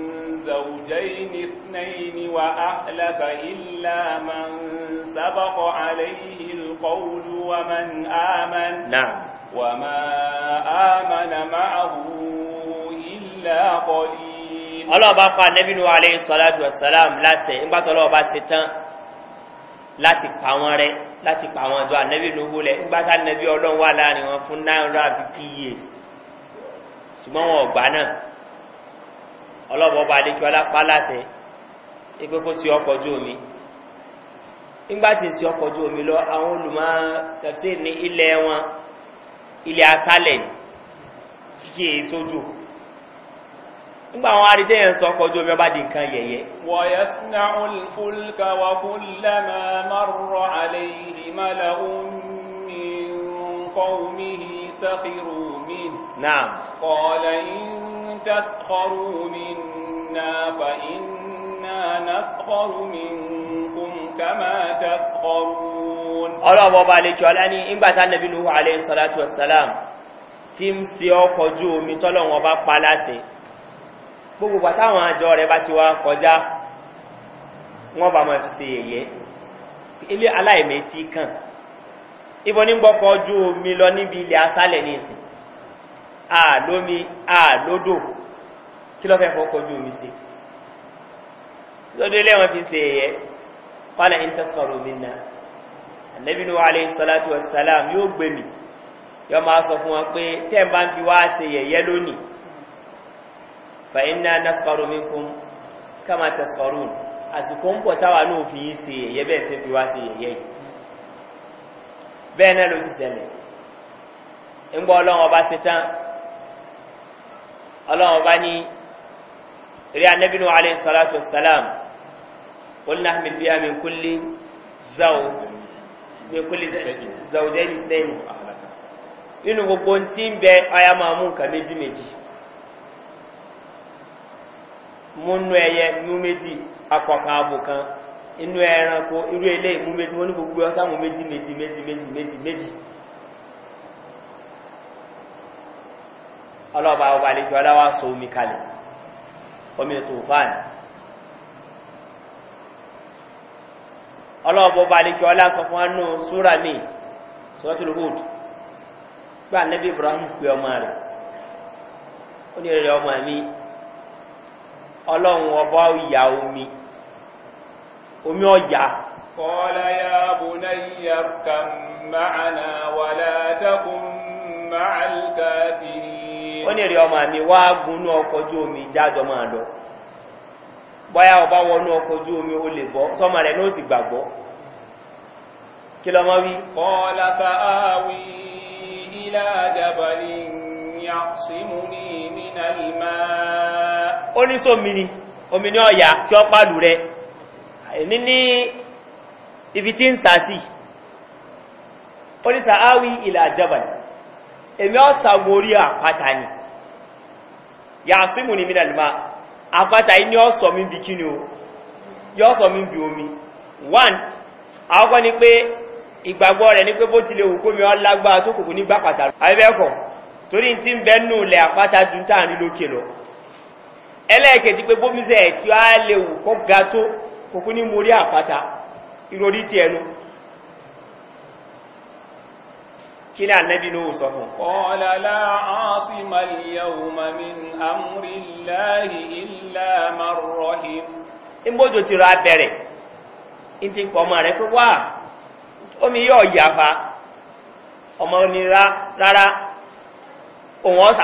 Speaker 1: زوجين اثنين وأهلك إلا من سبق عليه القول ومن آمن نعم وما آمن معه إلا قليل
Speaker 2: الله بقى النبي عليه الصلاة والسلام لا سيئنبات الله باستان لا تقاوان ري لا تقاوان جوا النبي نقول إنبات النبي الله ولا نوان فنان رابطي years بنا ọlọ́wọ́ bá adéjọ́ alápáláṣẹ ipé kó sí ọkọ̀ ojú omi nígbàtí sí ọkọ̀ ojú omi lọ àwọn olùmọ̀ tafsir ní ilẹ̀ wọn ilẹ̀ asálẹ̀ tí èyí sójú
Speaker 1: nígbà wọn arídé sọ
Speaker 2: ọkọ̀ ojú omi ọba di nǹkan yẹ̀yẹ
Speaker 1: wọ̀yẹ́sìnà قومه سخروا منه نعم قال إن تسخروا منا فإنا نسخر منكم كما تسخرون الله أبو عليك والأني
Speaker 2: إن بات النبي نوح عليه الصلاة والسلام tí ń se ọkọ̀ ojú omi tọ́lọ̀ wọn bá pa láti gbogbo pàtàwọn àjọ rẹ̀ bá ti wá kọjá wọ́n bá mọ̀ fi se èyẹ ilé aláìmẹ́ tí kàn ibo ní gbọ́kọ̀ ojú omi lọ níbi ilẹ̀ asálẹ̀ ní ìsìn àlómi àlódò kí lọ fẹ́ fọ́kọ̀ ojú omi sí lódó ilé wọn fi ṣe ẹ̀yẹ pálẹ̀ intesoro minna anabinu alayhi salatu wa salam yóò gbé mi yọ máa sọ fún wọn pé tẹ́ ń bá ń fi àsìkò ń pọ̀ táwa náà fi yí ṣe ẹ̀yẹ bẹ́ẹ̀ ti fi wá ṣe yẹ̀yẹ yìí bẹ́ẹ̀ náà ló sì sẹ́mi ńgbọ́ ọlọ́run ọba ṣetán ọlọ́run ọba ní rí anábìnú alẹ́ sọ́láṣọ sálám olùnàmì bí i àmìn kúlé zaudẹ́ni sẹ́yìn nínú gbogbo tí ń bẹ ọya máa mú nǹkan méjì méjì múnú ẹyẹ mú méjì akọ̀kan abò kan inú ẹranko irú ilé ìmú méjì wọ́n ní gbogbo ọsáàmù méjì méjì méjì méjì méjì méjì ọlọ́ọ̀bá ọba omi kalẹ̀ omi ètò ọlọ́ọ̀bá ọba ọlá sọ fún anú súra ní omi ọjà.
Speaker 1: Kọ́lá ya bú náyà ka ma'ana wà látakùn ma'alkafi. Ó ní rí ọmọ mi wá
Speaker 2: gúnú ọkọ̀ ojú omi jájọ máa lọ. Bọ́yá ọba wọnú ọkọ̀ ojú omi ó lè bọ́, sọ́mọ rẹ̀ ní ó sì gbàgbọ́.
Speaker 1: Kí lọ wí? Kọ́lá sa'áwí
Speaker 2: nini ibitin sasi polisa awi ila jabal emi o sagori apata ni ya simu ni minal ma apata ni o so mi bikini o yo so mi bi omi one awo ni pe igbagbo re ni pe bo ti le wo ko mi o lagba to kokun ni gbapata ayi tori ntin be nu le apata dun ta ni loke lo eleke ti pe bo mi se a le wo Kuku ní mórí àpáta ìròrí ti ẹnu kí ní ànẹ́bí ló sọ fún
Speaker 1: ọ̀làlá ọ́sí màlìyà òmàmín àmúrìláhì ilá marọ́hì
Speaker 2: ìgbójò ti ra bẹ̀rẹ̀ in ti rẹ̀ pé wà omi yóò yàfà ọmọ onira òun ọ́sà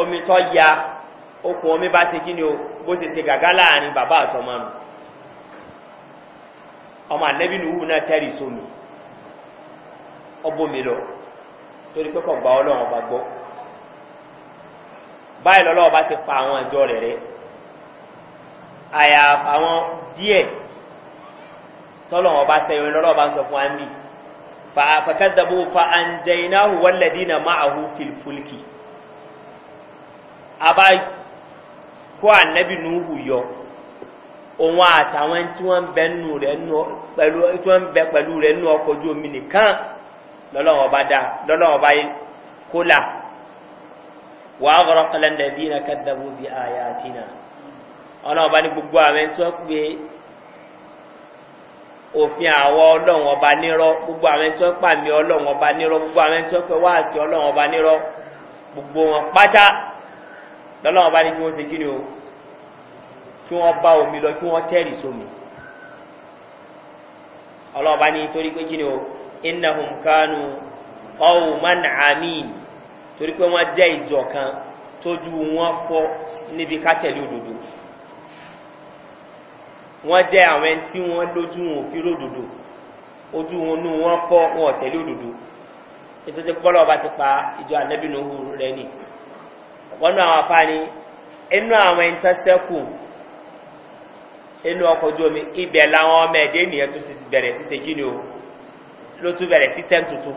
Speaker 2: omi tọ́ ya okùn omi bá ṣe kí ni o bó ṣe ṣe gàgá láàrin bàbá àtọmọ́nù ọmọ ànẹ́bí nìhù náà tẹ́rì sómi ọbómi lọ torí pẹ́kọ̀ gba ọlọ́run ọba gbọ́ báyìí lọ́lọ́wọ́ bá ti pa àwọn ẹjọ́ rẹ̀ rẹ̀ àyà àwọn díẹ̀ tọ́lọ́wọ́ bá tẹ́yọ lọ́lọ́wọ́ bá sọ fún àmì fàkàdàbò fa àǹjẹ̀ ináhù wọ́lẹ̀dínà máa fìlfúlkì aba kó ànẹ́bì n'uhu yọ òun àtàwọn tí wọ́n bẹ pẹ̀lú rẹ̀ nú ọkọ̀ ojú omi nìkan lọ́lọ́wọ́ bá kólà wà á gọ́rọ̀ kọlẹ̀ndẹ̀ bí na kẹ́dàbó bí àyà àti náà ọlọ́wọ́ bá ní gbogbo àwọn tí wọ́n pè òfin àwọn ọlọ́wọ́ bá nírọ́ gbogbo àwọn tí wọ́n àwọn tí wọ́n pẹ̀ ọlọ́wọ́ bá nírọ́ lọ́lọ́wọ́ bá ní kí wọ́n se kíni o kí wọ́n bá omi lọ kí wọ́n tẹ́rì sómi ọlọ́wọ́ bá ní torí pé kíni o iná hunkanu ọ̀hún man amin torí pé wọ́n jẹ́ ìjọ kan tójú wọn fọ́ níbi kátẹ̀lé òdòdó wọ́n jẹ́ àwọn ẹni tí wọ́n lójú wọn òfin lódòdó ojú wọn nú wọn fọ́ wọn tẹ̀lé òdòdó pa ìjọ ànẹ́bìnú rẹ̀ wọ́n náà àwọn afáàní inú àwọn ìtẹ́sẹ́kù inú ọkọ̀ ojú omi ibẹ̀ láwọn ọmọ ẹ̀dẹ́ ènìyàn tún ti bẹ̀rẹ̀ sí ṣèkí ni o ló tún bẹ̀rẹ̀ sí sẹ́ǹ tuntun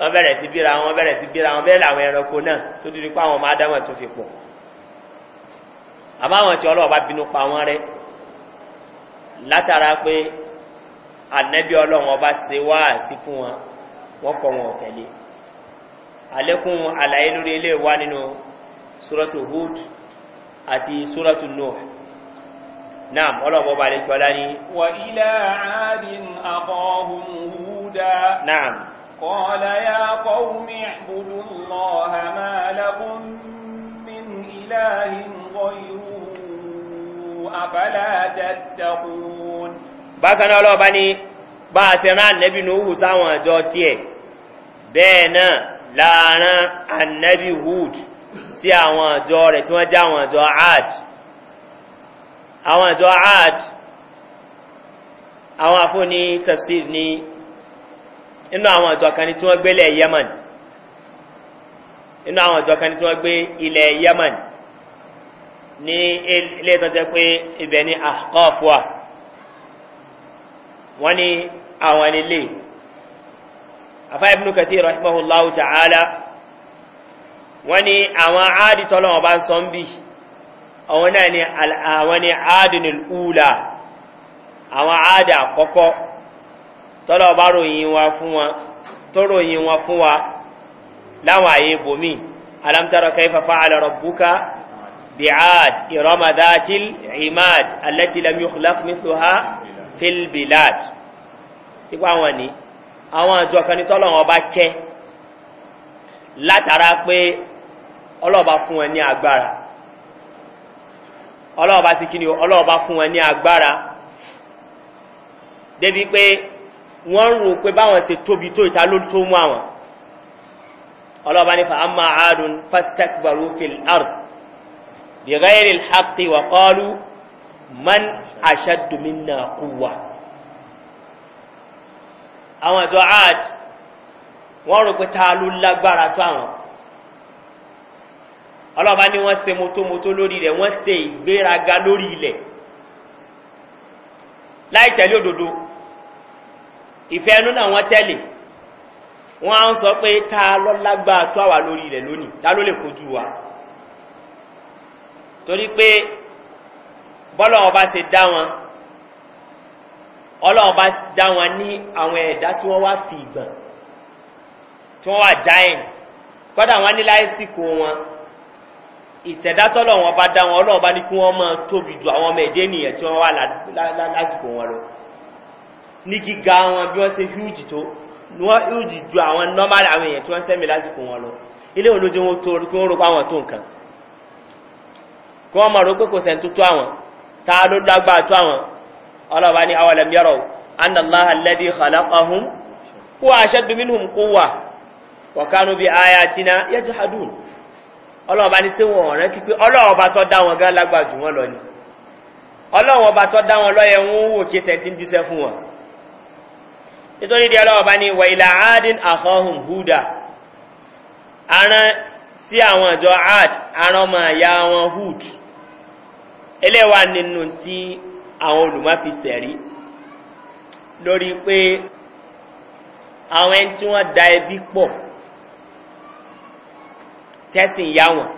Speaker 2: wọ́n bẹ̀rẹ̀ sí bíra wọn bẹ̀rẹ̀ sí bíra wọn bẹ́ẹ̀ làwọn ẹranko náà tó dúdú pé àwọn ọmọ adámọ̀ tó fi pọ̀ àbáwọn tí ọlọ́wọ́ bá bínú pa wọ́n rẹ́ látara pé ànẹ́bí ọlọ́wọ́ bá se wá sí fún wọn wọ́n kọ̀ wọn ọ̀tẹ̀lé àlékún àlàyé lórí ilé wa nínú suratu hud àti suratu nuh náà ọlọ́pọ̀ bá lè gbọ́lá ní
Speaker 1: wà ilẹ̀ àádín àkọ́hùn húdá náà kọ́lá ya kọ́wùmí àbúrú lọ́ha máa lábún min ìlàhìn gọ́yú àbálá jẹ́tẹ̀kún
Speaker 2: bákan ọlọ́pàá ní bá a ti annabi hud sí àwọn àjọ rẹ̀ tí wọ́n já àwọn àjọ ad àwọn àjọ ad àwọn tafsir ní inú àwọn àjọ kan ní tí wọ́n gbélẹ̀ yemen inú àwọn àjọ kan ní tí wọ́n gbé ilẹ̀ yemen ní ilé pé ibẹ̀ wọ́n àwọn ilé rahimahullahu ta'ala wọ́n ni àwọn áàdì tọ́lọ́wọ́ bá ń sọ ń bí àwọn náà ni àwọn ni áàdì ní ùlà àwọn áàdì àkọ́kọ́ tọ́lọ́wọ́ bá ròyìn wa fún wa tó ròyìn wa fún wa láwọn àyè bòmí alamtara kaifa fa'ala rabbuka bi'ad irama dhatil imad allati lam yukhlaq mithluha fil bilad ipa wọn ni àwọn àjọ kan ní tọ́lọ́wọ́ bá kẹ́ látara pé ọlọ́ọ̀bá fún ẹ ní agbára ọlọ́ọ̀bá ti kí ni ọlọ́ọ̀bá fún ẹ ní agbára débi pé wọ́n rò pé báwọn ti tóbi tó ìta ló tó mú àwọn ọlọ́ọ̀bá ní fàámà àádùn fastakbaru fil ard bí gáyẹ̀rì alhaqi wa kọlu man aṣadùmínà kúwà àwọn ìjọ ààd wọ́n rò pé ta ló lágbára tó àwọn ọlọ́ba ní wọ́n se motomoto lórí rẹ̀ wọ́n se ìgbéraga lórí ilẹ̀ láì tẹ̀lé òdodo ìfẹ́ ẹnu náà wọ́n tẹ́lẹ̀ wọ́n á ń sọ pé ta lọ lágbàá tó àwà lórí ilẹ̀ lónìí ta ló lè kojú wa torí pé bọ́lọ̀ se dá wọn ọlọ́ọ̀bá dá wọn ní àwọn ẹ̀dá tí wọ́n wá fi ìgbọ̀n tí wọ́n wà giant kọ́dà wọn ní láìsíkò wọn ìṣẹ̀dátọ́lọ̀ wọn bá dá wọn ọlọ́wọ́ bá ní kí wọ́n máa tóbi ju àwọn ọmọ ẹ̀dẹ́ ènìyàn tí wọ́n wà lásìkò wọn lọ ní gíga wọn bí wọ́n ṣe huge tó wọ́n huge ju àwọn normal àwọn èèyàn tí wọ́n sẹ́mi lásìkò wọn lọ ilé wọn ló jẹ́ kí wọ́n rò pa wọn tó nǹkan kí wọ́n máa rò pé kò sẹ́ni tó tó àwọn tá a ló lágbára tó àwọn ọlọ́wọ́ ní àwọn ọlọ́ọ̀bá ní sí wọn ọ̀rẹ́ ti pé ọlọ́ọ̀bá tọ́ dá wọn gá lágbà jù wọn lọ ni ọlọ́ọ̀bá tọ́ dá wọn lọ́yẹ wọn wò kí sẹ́ntí jíṣẹ́ fún wọn nítorí di ọlọ́ọ̀bá ní wà ilà adin àkọ́hùn húdà aran sí àwọn ìjọ ad aran ọmọ ìyá wọn hood eléwà nínú tí àwọn olùmọ́ fi sẹ̀rí lórí pé àwọn ẹni tí wọ́n da ẹbí pọ̀ tẹ́sìn ya wọn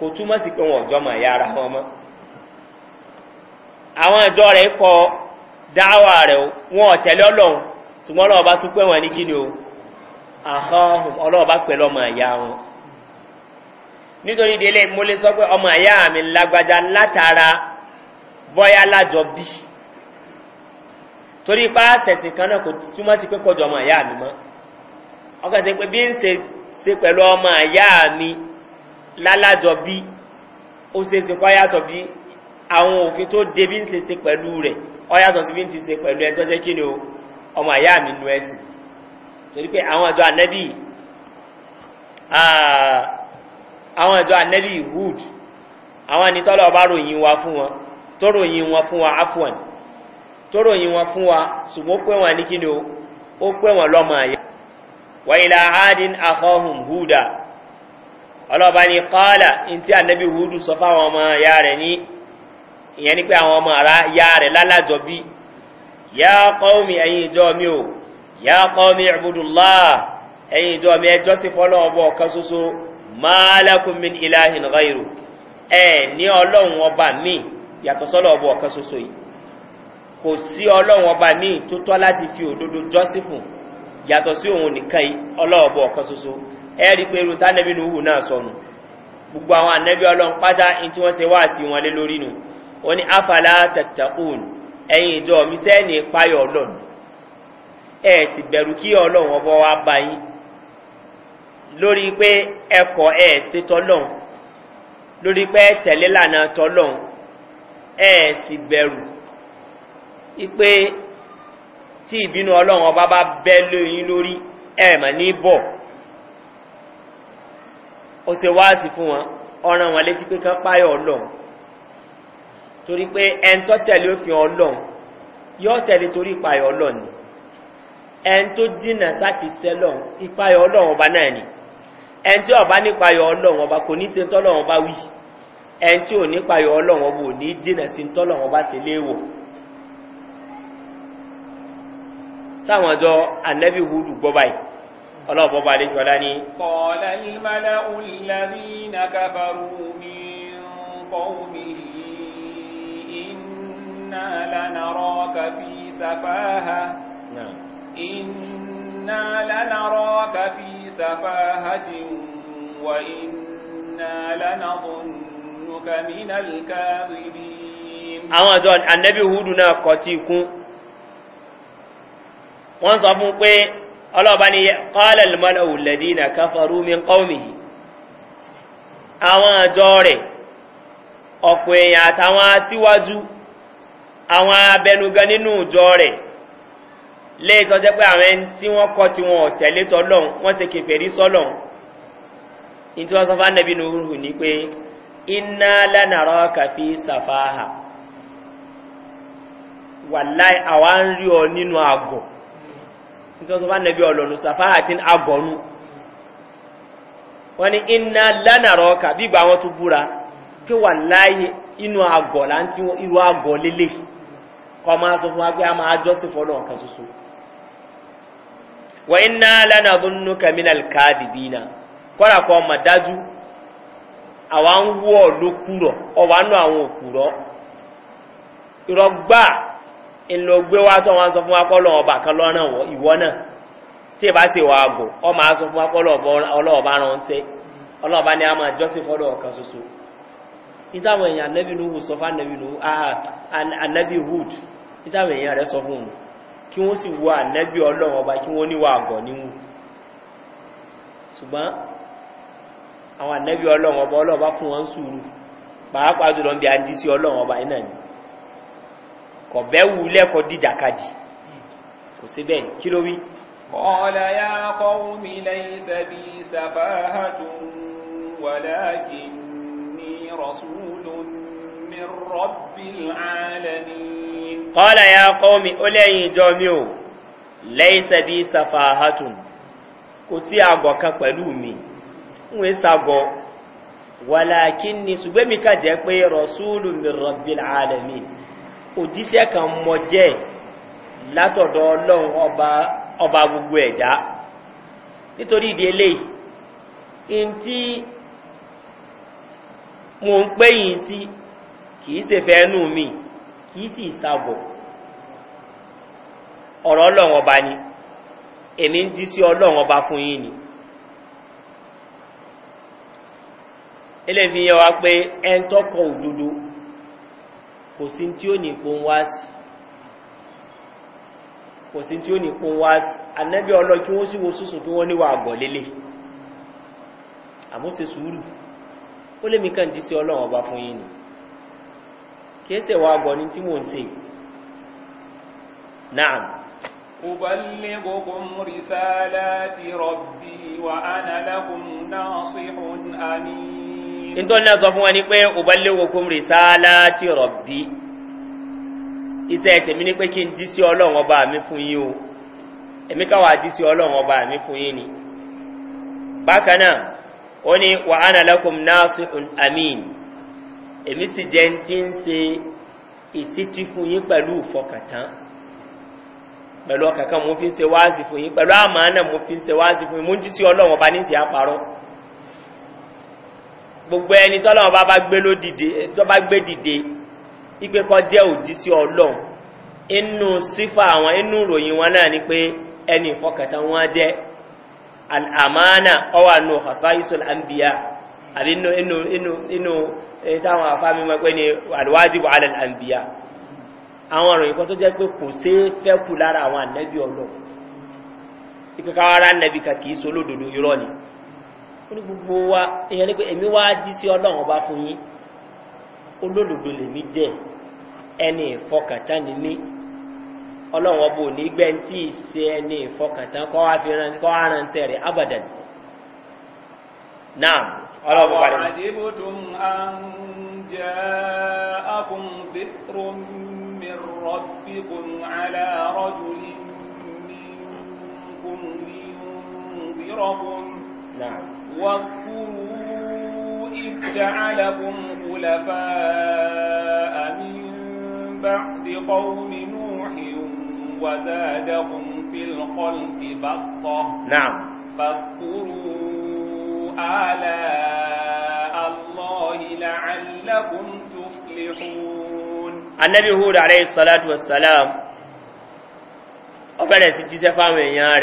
Speaker 2: kò túmọ̀ sí pé wọn ọ̀jọ́ mọ̀ ara wọn mọ́ àwọn ìjọ rẹ̀ kọ dáwà rẹ̀ wọn ọ̀tẹ̀lẹ́ ọlọ́run ṣùgbọ́n ọlọ́run bá tún pẹ́ wọn ní ni o ọlọ́run bá pẹ̀lú ọmọ ẹ̀yà wọn nítorí torí pa kan náà kò sí pé kọjọ ọmọ mi mọ́ se pẹ̀lú ọmọ àyá mi lálájọ bí ó se se kọ́ yàtọ̀ bí àwọn òfin tó dé bí ń se se pẹ̀lú rẹ̀ ọ sí bí ń ti se pẹ̀lú ẹjọ́ jẹ́ kí ni o ọmọ àyá mi nu ẹ̀sìn torí pé àwọn ẹ̀jọ́ ànẹ́bì àwọn ẹ̀jọ́ ànẹ́bì hood àwọn ẹni tọ́lọ̀ ọba ròyìn wa fún wọn tó ó pé wọn lọ́mọ àyá wa ila adin akọ́hùn húdà ọlọ́ba ni kọ́ọ̀lá in tí annabi hudu sọ ọmọ ya rẹ̀ ní ìyẹn ni pé àwọn ya rẹ̀ lálàjọ bí ya mi o ya kọ́ọ̀mì ìbùdùlá ẹ̀yìn ìjọ mi ẹjọ́ ti fọ́lọ́ ọbọ̀ kan ghairu yàtọ̀ sí òun nìkan ọlọ́ọ̀bọ̀ ọ̀kan soso ẹ̀rí pé irú nuhu náà sọnù gbogbo àwọn ànẹ́bí ọlọ́run pátá in tí wọ́n se wá sí wọn lé lórí nù wọ́n ní afala tẹ̀tẹ̀kùn ẹ̀yìn ìjọ mi sẹ́ni páyọ̀ ọlọ́run tí ìbínú ọlọ́run ọba bá bẹ́ lóyìn lórí ẹ̀mọ̀ ní bọ̀ ó se wáàsì fún wọn ọ̀ràn wọn létí pé kán páyọ̀ ọlọ́run torí pé ẹn tó tẹ̀lé òfin ọlọ́run yóò tẹ̀lé torí ìpayọ̀ ọlọ́run ni ẹn tó dínà sáti sẹ́lọ̀n ìpayọ̀ ọlọ́run ọba náà ni ẹn tí ọba nípayọ̀ ọlọ́run ọba kò ní se tọ́lọ́run ọba wí ẹn tí ò nípayọ̀ ọlọ́run ọba ò ní dínà sí tọ́lọ́run ọba sí léèwọ̀ sáwọn ọjọ́ anẹ́bí hudu gbọ́ báyìí ọlọ́ọ̀bọ̀ bá lè jọlá ní.
Speaker 1: kọ̀ọ̀lá ìmọ̀lá òlìlàrí na kàfàrú mi fọ́wùmí iná lánàrọ̀ kàfí sàfáhà iná lánàrọ̀ kàfí sàfáhà ti wà iná lánàbùnú
Speaker 2: àwọn ọjọ́ anẹ́bí hudu náà kọ̀ tí kún wọ́n sọ fún pé ọlọ́ọ̀bá ni kọ́lẹ̀lì mọ́lẹ̀wù lẹ́dínà káfàrú mi kọ́mìhì àwọn àjọ rẹ̀ ọ̀pọ̀ èèyàn àtàwọn síwájú àwọn abẹnugan nínú ìjọ rẹ̀ léètọ́ jẹ́ pé àwọn awọn tí wọ́n kọ́ tí wọ́n tẹ̀lé tọ́lọ́n wọ́n se kèfè rí ọ nínú àgọ̀ nítorí wọ́n nẹ́bí ọlọ́nu sàfáàtín agọ̀nú wọ́n ni iná lánàrọ̀ ọkà bígbà wọn tó búra kí wà láyé inú agọ̀ láti irú agọ̀ lélẹ̀ kọ máa sọ fún agbé a máa jọ́sí fọ́lọ̀ ọ̀kan soso bi na kwara kwan ma daju ńlọ gbé wá tó wọn sọ fún wa ọba kan lọ́rùn ìwọ náà tí si sì wà ọ máa sọ fún wa ọba ọlọ́ọ̀bá ránṣẹ́ ọlọ́ọ̀bá ni a máa jọ́sìn fọ́dọ̀ ọ̀kan ṣoṣo ìtàwọn èèyàn anẹ́bìnú hù sọ fánẹ́bìnú ah, anẹ́bì hood ìtàwọn èèyàn rẹ̀ sọ fún un kí wọ́n sì wọ anẹ́bì kí wọ́n níwà àgọ̀ níwù ṣùgbọ́n àwọn anẹ́bì ọba fún wọn sùúrù pàápàá jùlọ bí iná kọ̀ bẹ́ wù lẹ́kọ̀ọ́ dìjàkadì kò sí bẹ́ẹ̀ kí ló wí.
Speaker 1: ọ̀la ya kọ́ omi lẹ́yìn sẹ́bi sàfáhàtù wàláàkì ní rọ̀súlù mi rọ́bì alẹ́ni.
Speaker 2: ọ̀la ya kọ́ omi ó kò sí àgọ̀ kan pẹ̀lú mi ń sàgọ̀ wàláàkì ní ṣùgbẹ́mí kàjẹ́ pé rọ̀súlù mi rọ́bì òjíṣẹ́ kan mọ jẹ́ látọ̀dọ̀ ọlọ́run ọba gbogbo ẹ̀dá nítorí ìdí eléyìí in tí mo ń pè yìí sí kìí se fẹ́ ẹnu mi kìí sì sàbọ̀ ọ̀rọ̀ ọlọ́run ọba ni èmi ń jí sí ọlọ́run ọba fún yìí ni eléyìí fi yẹ pé ẹ̀ ń òdodo kò sí tí ó ní ipò wá sí kò sí tí ó ní ipò wá sí anẹ́bí ọlọ́ kí wọ́n sì wo súsùn kí wọ́n níwà àgọ̀ lélẹ̀ àmúṣe sùúrù ó lè mi kàn sí ọlọ́run ọba fún yìí ni kéèsè wa àgọ̀ ní tí mò ń se náà
Speaker 1: أبلغكم رسالات ربي وأنا لكم ناصح أمين
Speaker 2: nítorí náà sọ fún wọn ni pé òbálẹ́wòkún rìsáálá ti rọ̀bí iṣẹ́ tèmi ni pé kí n dí sí ọlọ́run ọba mi fún yín o èmi káwàá dí sí ọlọ́run ọba mi fún yín ni bákan náà ó ní wà á nà lọ́kùn náà sí amin èmi sì jẹ́ tí ń se ìsítí fún yín pẹ̀lú ìfọkàntán pẹ̀lú ọkàkan mo fi ń se wáàzì fún yín pẹ̀lú àmàánà mo fi ń se wáàzì fún yín mo ń dí sí ọlọ́run ọba ní ìsìn àparọ́ gbogbo ẹni tọ́lọ́wọ́ bá bá gbé dìde gbé dìde ipe kan jẹ́ sí inú sífà inú wọn náà ni pé ẹni ìfọkàtà wọn jẹ́ àmàna ọwà nù hasáìsùn àmbíyá àbí inú inú inú inú eh, táwọn afámi pé ni àlùwájìbò alẹ́ àmbíyá àwọn ìròyìn kan tó jẹ́ pé kò fẹ́ ní gbogbo wa èèyàn ní pé èmi wá jí sí ọlọ́run ọba fún yín olólùdó lèmi jẹ ẹni ìfọkàntán ni ọlọ́run ọba ò ní ṣe ẹni ìfọkàntán kọ́ wá fi ránṣẹ́ kọ́ wá ránṣẹ́ rẹ̀ abadan náà
Speaker 1: ọlọ́run ọba rẹ̀. àdébòtún àǹjẹ́ akùn bítrò mi rọ̀bì kùn àlà rọ́jùlì mi kùn ní ìrọ̀kùn. نعم
Speaker 3: واذكروا إذ جعلكم
Speaker 1: خلفاء من بعد قوم نوح وزادهم في الخلق بسطة نعم فاذكروا آلاء الله لعلكم تفلحون
Speaker 2: النبي هود عليه الصلاة والسلام ọbẹ̀rẹ̀ sí jíṣẹ́ fáwọn èèyàn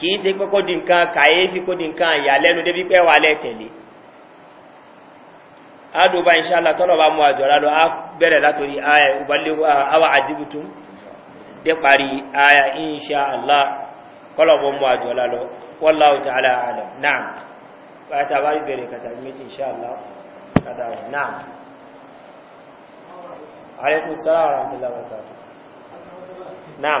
Speaker 2: kìí ṣe pé kó di nǹkan kàyéfì kó di nǹkan ìyàlẹ́nu débi pé wà lẹ́tẹ̀lé adùnbà ìṣàlá tọ́lọ̀ bá mú àjọ̀rá lọ bẹ̀rẹ̀ látòrí ààyà ìbálẹ́wà àwà a ya parí ìṣàlá kọ́lọ̀ bọ́ mú àjọ̀rá lọ wọ́lá òjò aláàlẹ̀ náà báyátà bá bẹ̀rẹ̀ kàtàkì méjì ìṣàlá kàdàwà náà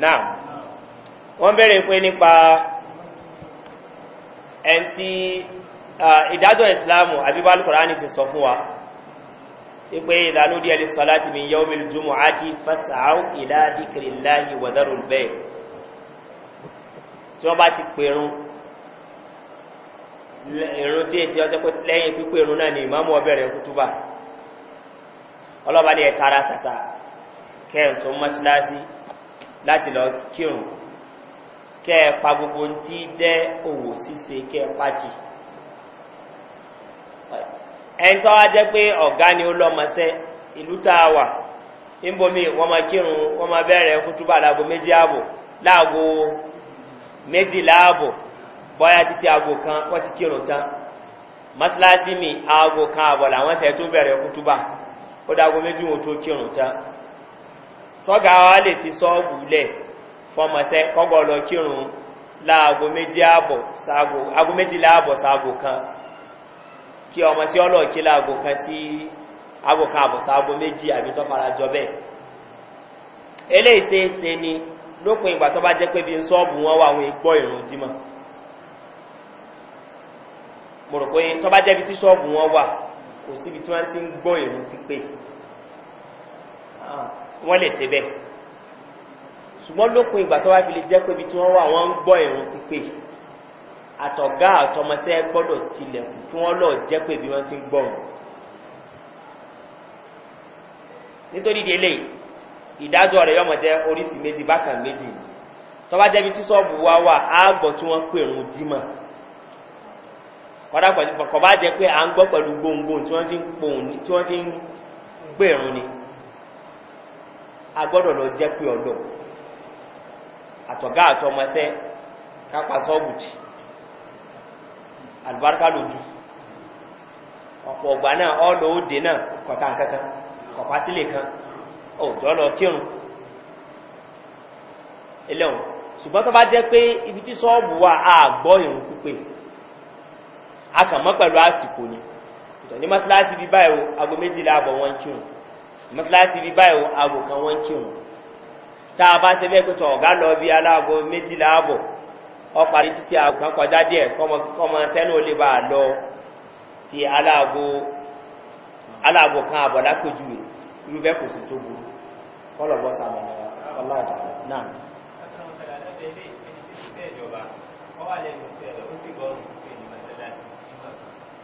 Speaker 2: náà wọ́n bẹ̀rẹ̀ pé nípa ẹn tí ìdájọ́ ìsìláàmù àbíbálùkọ̀rá ní sí sọ fún wa ipe ìlànà díẹ̀ lè sọ láti min yau mil jumu àti fasáhù ìlà dìkìrì láyé wàzarù bẹ́ẹ̀ tí wọ́n bá ti pèrún ìrún tí ètí ọjọ́ lẹ́yìn pípèrún náà ni ìmáàmù ọbẹ̀rẹ̀ kútúbà ọlọ́ba ní ẹ̀tara sàsà kẹ́ẹ̀sọ mọ́síláṣí láti lọ kírùn kẹ́ẹ̀pa gbogbo tí jẹ́ òwò síse kẹ́ẹ̀pájì ẹni tó wá jẹ́ pé ọ̀gá ni ó lọ́mọsẹ́ ìlú tàà níbomi wọ́n ma kírùn wọ́n ma bẹ̀rẹ̀ kútúbà láago méjì ààbò méjì láàbò bọ́yá títí kan wọ́n ti kírùn tán mọ́síláṣí mi aago kan làwọn bẹ̀rẹ̀ ó dágbó méjì wọn tó kírun tán sọ́gà wa lè ti sọ́ọ̀bù lẹ̀ fọmọ̀sẹ́ kọ́gọ́ lọ kírun láago méjì ààbọ̀ sáàgò ago kan kí ọmọ sí kan sí ago kan àbọ̀ sáàgò méjì àbí tó jọ bẹ́ẹ̀ ni lópin ìgbà tó bá jẹ́ pé bí sọ́ọ̀bù wọn wà àwọn ìgbọ́ ìrùn jímọ̀ pé kò síbi tí wọ́n ti ń gbọ́ èrò pípé ah, wọ́n lè ṣe bẹ́ẹ̀ ṣùgbọ́n lópin ìgbà tó wá fi lè jẹ́ pé ibi tí wọ́n wà wọ́n ń gbọ́ èrò pípé àtọ̀gá àtọmọsẹ́ gbọ́dọ̀ tilẹ̀kùn kí wọ́n lọ jẹ́ pé ibi wọ́n ti ń gbọ́ wọn nítorí ìdí ìdájọ́ rẹ̀ yọmọ jẹ́ oríṣi méjì bákan méjì tọ́bá tí sọ́ọ̀bù wá wà á gbọ́ tí wọ́n pè ń dímọ̀ kọ́dá pẹ̀lú kọ̀ jẹ́ pé a ń gbọ́ pẹ̀lú gbóngbò tí wọ́n ti ń gbèrún ni a gbọ́dọ̀ lọ jẹ́ pé ọ̀dọ̀ àtọ̀gá àtọmọsẹ́ kápá sọ́ọ̀bùtì àlùbáríkà lójú ọ̀pọ̀ ọ̀gbà náà ọ̀lọ́ òde náà kọ̀tà nkankan kọ̀pá sílẹ̀ kan akàmọ́ pẹ̀lú àsìkò ni ní mọ́síláàsì bí báyìí agbó méjìlá àbọ̀ wọn kírùn mọ́síláàsì bí báyìí agbó kan wọn kírùn tá a bá ṣe bẹ́ẹ̀ ọ̀gá lọ bí aláàbọ̀ méjìlá àbọ̀ ọparí títí àgbà díẹ̀ kọmọ sẹ́nu olè bá lọ ti aláàbò kan àbọ̀ lápèjú rẹ̀ irú bẹ́ẹ̀ kò sí tó burú kọlọ̀bọ̀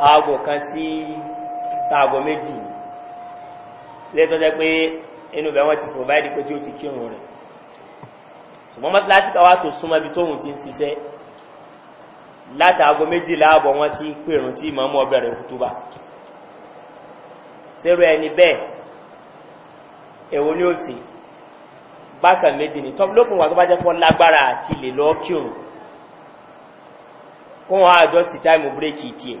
Speaker 2: aago kan sí sáàgọ méjì lẹ́tọ́ jẹ́ pé inú bẹ̀ wọ́n ti provide pé tí ó ti kírun rẹ̀ ṣùgbọ́n mọ́síláṣí kan wá tó súnmọ́ ibi tóhun ti ń ṣiṣẹ́ láti aago méjì láàbọ̀ wọ́n ti pèrún tí ìmọ̀ọ́mọ́ ọbẹ̀rẹ̀ òkútúbà sẹ́rọ ẹni bẹ́ẹ̀ èwo ni ó sì bákan méjì ni tọ́ lópin wà tó bá jẹ́ pọ́ lágbára àti lè lọ́ọ́ kírun kó wọn àjọ sí táìmù bírèkì tiẹ̀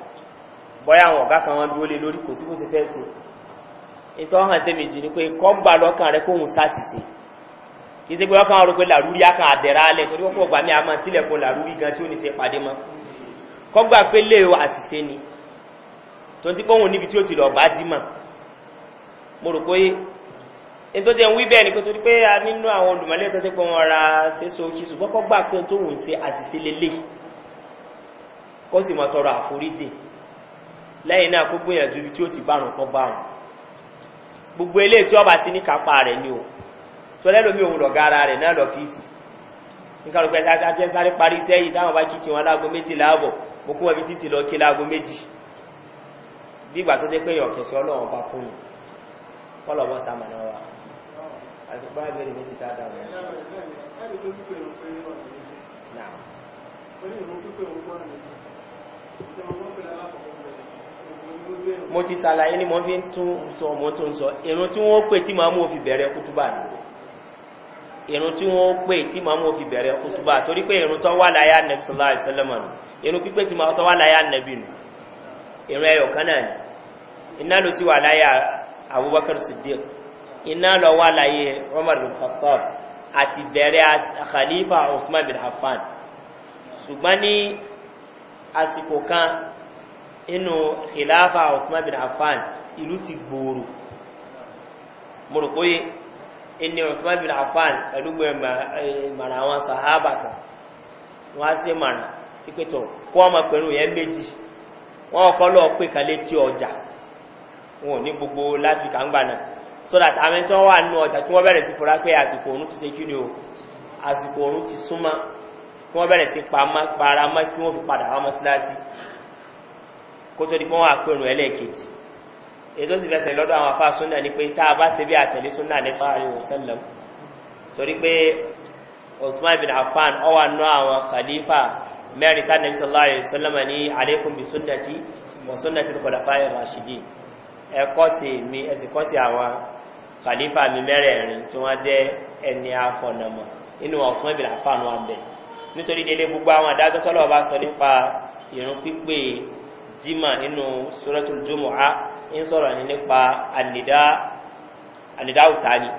Speaker 2: bọ́yá àwọn ọ̀gá kan wọ́n bí ó lè lórí kò sí kó se fẹ́ sí ìtọ́ hàn sí méjì ní pé kọ́ gbà lọ́kàn rẹ kóhun sáàsìsì kì sí pé ọkàn ọrọ̀ pé làrúrí akàn àdẹ̀rà alẹ̀ torí wọ́n pọ̀ gbà mí sílẹ̀kùn làrúrí gan tí ó ní se pàdé mọ́ kọ́ gbà pé lè o àṣìṣe ni tó ti pọ́hun níbi tí ó ti lọ bá dí mọ̀ mo rò pé ní tó jẹ́ ń wí bẹ́ẹ̀ ni pé torí pé a nínú àwọn olùmọ̀lẹ́ tó ti pọ̀ wọn ra ṣe so kí ṣùgbọ́n kọ́ gbà pé tóhun ṣe àṣìṣe lélẹ̀ kó sì mọ̀ tọrọ àforíjì lẹ́yìn náà kó ya ibi tí ó ti bárùn kan bárùn gbogbo ilé tí ọba ti ní kápá rẹ̀ ni o sọlẹ́lómi òun lọ̀gá ara rẹ̀ náà lọ́fíìsì nígbà lọ́pẹ́ sáájẹ́ sáré parí sẹ́yìn táwọn bá kí ti wọn láago méjì láàbọ̀ mo kún ẹbí títí lọ kí láago méjì bí tó jẹ́ pé mo ti sàlàyé ní mo fi ń tún sọ mo tún sọ irun tí wọ́n pè tí màmú òfin bẹ̀rẹ̀ kútúbà ni irun tí wọ́n pè tí màmú òfin bẹ̀rẹ̀ kútúbà torí pé irun tó wà láyé anabi sọlá ìsẹlẹmọ nù irun pípé tí màmú tó wà láyé anabi nù irun ẹyọ kan náà ni iná ló sì wà láyé abubakar siddiq iná lọ wà láyé umar bin khattab àti bẹ̀rẹ̀ khalifa usman bin affan ṣùgbọ́n ní àsìkò kan. inú khilafa osman bin afan ilu ti gboro mo koye pé ẹni osman bin afan pẹ̀lú mara àwọn sahaba kan wọ́n á mara ìpètò ma peru ọjà wọn ò gbogbo last week so that ọjà tí fura pé àsìkò ti ṣe o àsìkò ti súnmọ́ tí wọ́n bẹ̀rẹ̀ kó tó di pọ́n àpérùn ẹlẹ́ẹ̀kejì ètò sì fẹsẹ̀ lọ́dọ̀ àwọn afá súnà ni pé tá a bá ṣe bí àtẹ̀lé súnà nípa àríwọ̀sẹ́lẹ̀m torí pé osman bin afan ọwà ná àwọn khalifa mẹ́rin tá nàbí sọ́lá àríwọ̀sẹ́lẹ̀m ní àlékún bí súnàtì mọ̀ súnàtì lókọ̀dà fáyẹ̀ rashidi ẹ̀kọ́ sí mi ẹ̀sìn kọ́ sí àwọn khalifa mi mẹ́rẹ̀ẹ̀rin tí wọ́n jẹ́ ẹni akọ̀nàmọ̀ inú osman bin afan wà bẹ̀ nítorí délé gbogbo àwọn adájọ́ jimá nínú sọ́rọ́tù jùmọ̀á ń sọ̀rọ̀ ní nípa ànídá òtání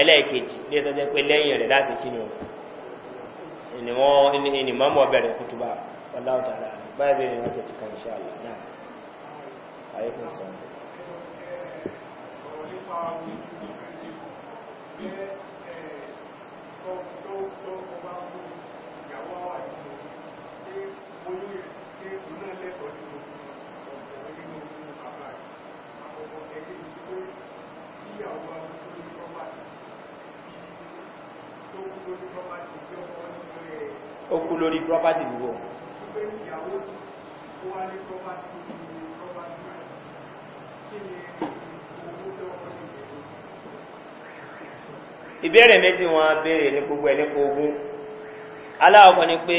Speaker 2: ẹlẹ́ẹ̀kejì ní ẹsẹ̀ jẹ́ pé lẹ́yìn rẹ̀ láti kí ni wọ́n ní mọ́mọ́ bẹ̀rẹ̀ kútùbà ọláwọ̀tàlá báyìí bẹ̀rẹ̀ wọ́n
Speaker 4: tẹ̀ kí àwọn orí property tó kú lórí property tí ọkọ̀ ti rẹ̀ ó kú lórí
Speaker 2: property gbogbo
Speaker 4: pé ìyàwó tó wá ní property property
Speaker 2: rẹ̀ kí méjì wọn béèrè ní gbogbo ẹ̀ ogun aláwọ̀kan ni pé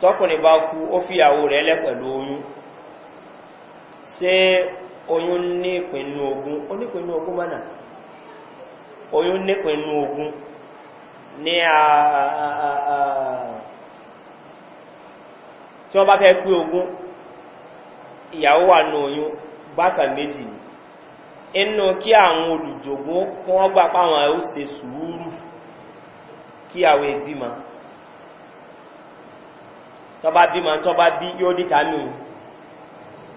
Speaker 2: tọkùnrin bá kú ó fìyàwó rẹ̀ lẹ́ oyún ṣé oyún nípinnu ogun onípinnu ogun mana, oyún nípinnu ogun ni a tí wọ́n bá fẹ́ pé ogun ìyàwó wà ní oyún bákan méjì ni inú kí àwọn olùjògún kún wọ́n páwọn ẹ̀ ó se sùúrù kí àwọn ìbímọ tọba bímọ bí yóò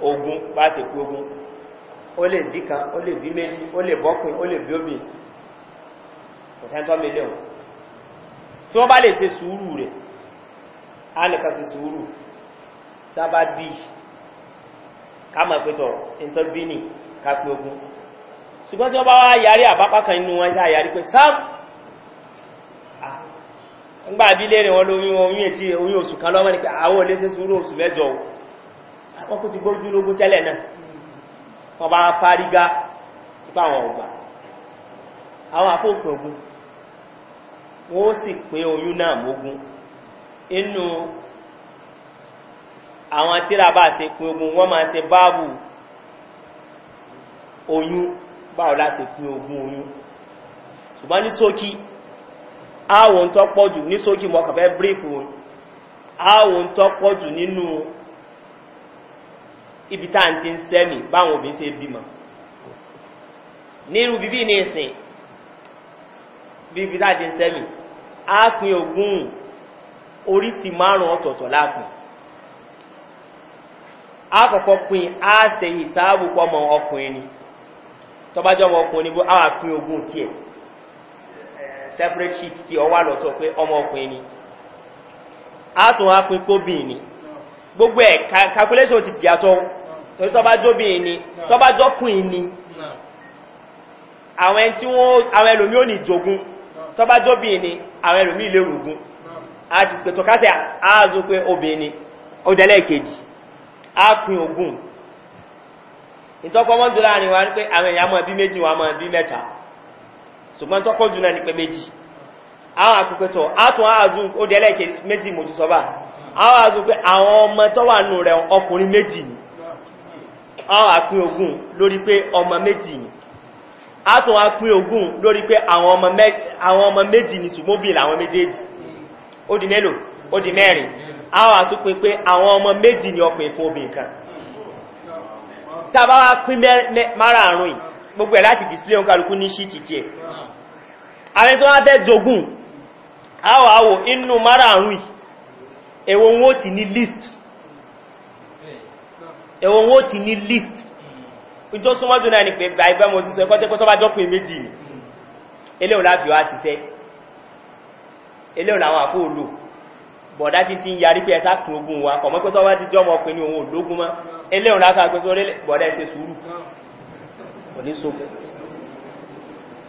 Speaker 2: ogun bá se ogun ó lè bí kan ó lè bí méjì ó lè bọ́kùn omi tí wọ́n bá lè se sùúrù rẹ̀ á nìkan ṣe sùúrù sábà bí ká mọ̀ pé ogun ṣùgbọ́n tí wọ́n bá wá yarí àbápá kan inú wọn yá yarí pé sáà ńgbà abílé rẹ̀ wọn lóyún oyún ètí oyún oṣù kan lọ́wọ́ ní pé àwọn oṣù wọ́n bá fárígá nípa àwọn ọgbà àwọn àfóòpin ogun wọ́n sì pín oyún náà mógún inú àwọn tíra bá se pín ogun wọ́n máa se báàbù oyún báwo láti pín ogun oyún ṣùgbọ́n ní sókí àwọn tó pọ̀jù ní sókí mọ́kànfẹ́ bríkù àwọn tó pọ̀jù nínú ibi tá à ń ti ń sẹ́mì báwọn obìnrin ṣe bímọ nírú bíbí ní ìsìn bí ibi tá à ti ń sẹ́mì á pin ogún oríṣi márùn-ún ọ̀tọ̀ọ̀tọ̀ lápin á kọ̀kọ́ pin á ṣe ìsáàbù pọ́mọ ọkùnrin ni tọ́bájọ́ ọmọ ọkùnrin bó á wà pin ogún tiẹ̀ separate sheet ti ọwà lọ́tọ̀ pé ọmọ ọkùnrin ni á tún á pin kóbìn ni gbogbo ẹ̀ calculation ti dìyàtọ̀ torí tọba jóbìn ni tọ́bá jọ́kùn ni àwọn tí wọ́n àwọn ẹlòmí ò ní jogun ni àwọn ẹlòmí ilé rògún a ti pẹ̀tọ̀ káṣẹ̀ ààzó pé obìnrin ogun ìtọ́kọ́ wọ́n jù láàrin ní pé àwọn èèyàn mọ̀ bí méjì mo àwọn àpín ogun lórí pé ọmọ méjì ni a tún wá pín ogun lórí pé àwọn ọmọ méjì ni ṣùgbóbìnrin àwọn méjèèjì ó di mélòó ó di mẹ́rin àwọn àtúpin pé àwọn ọmọ méjì ni ọkùnrin fún obìnrin kan tàbá wá pín márààrún yìí gbogbo ẹ̀ láti display oǹkàlùkù ní sí títí ààrẹ tó wá bẹ́ jogun àwọ̀ àwọ̀ inú mara yìí èwo wọn ó ti ní list ẹ̀wọ̀n wó ti ní list ìjọ súnmọ́jú náà ni pé gba ẹgbẹ́ mọ̀ sísọ ẹkọ́ tẹ́kọ́ sọ́bájọ́ pé méjì ni eléhùn lábíọ́ á ti tẹ́ eléhùn àwọn àkó òlò bọ̀dá ti ti ń yarí pé ẹsá kùn ogun wa kọ̀ mọ́pẹ́ tọ́wọ́ ti jọ́ ọmọkùn ní ohun òlógún mọ́ eléhùn láfà pé sórí bọ̀dá ẹsẹ̀ sùúrù kò ní sókun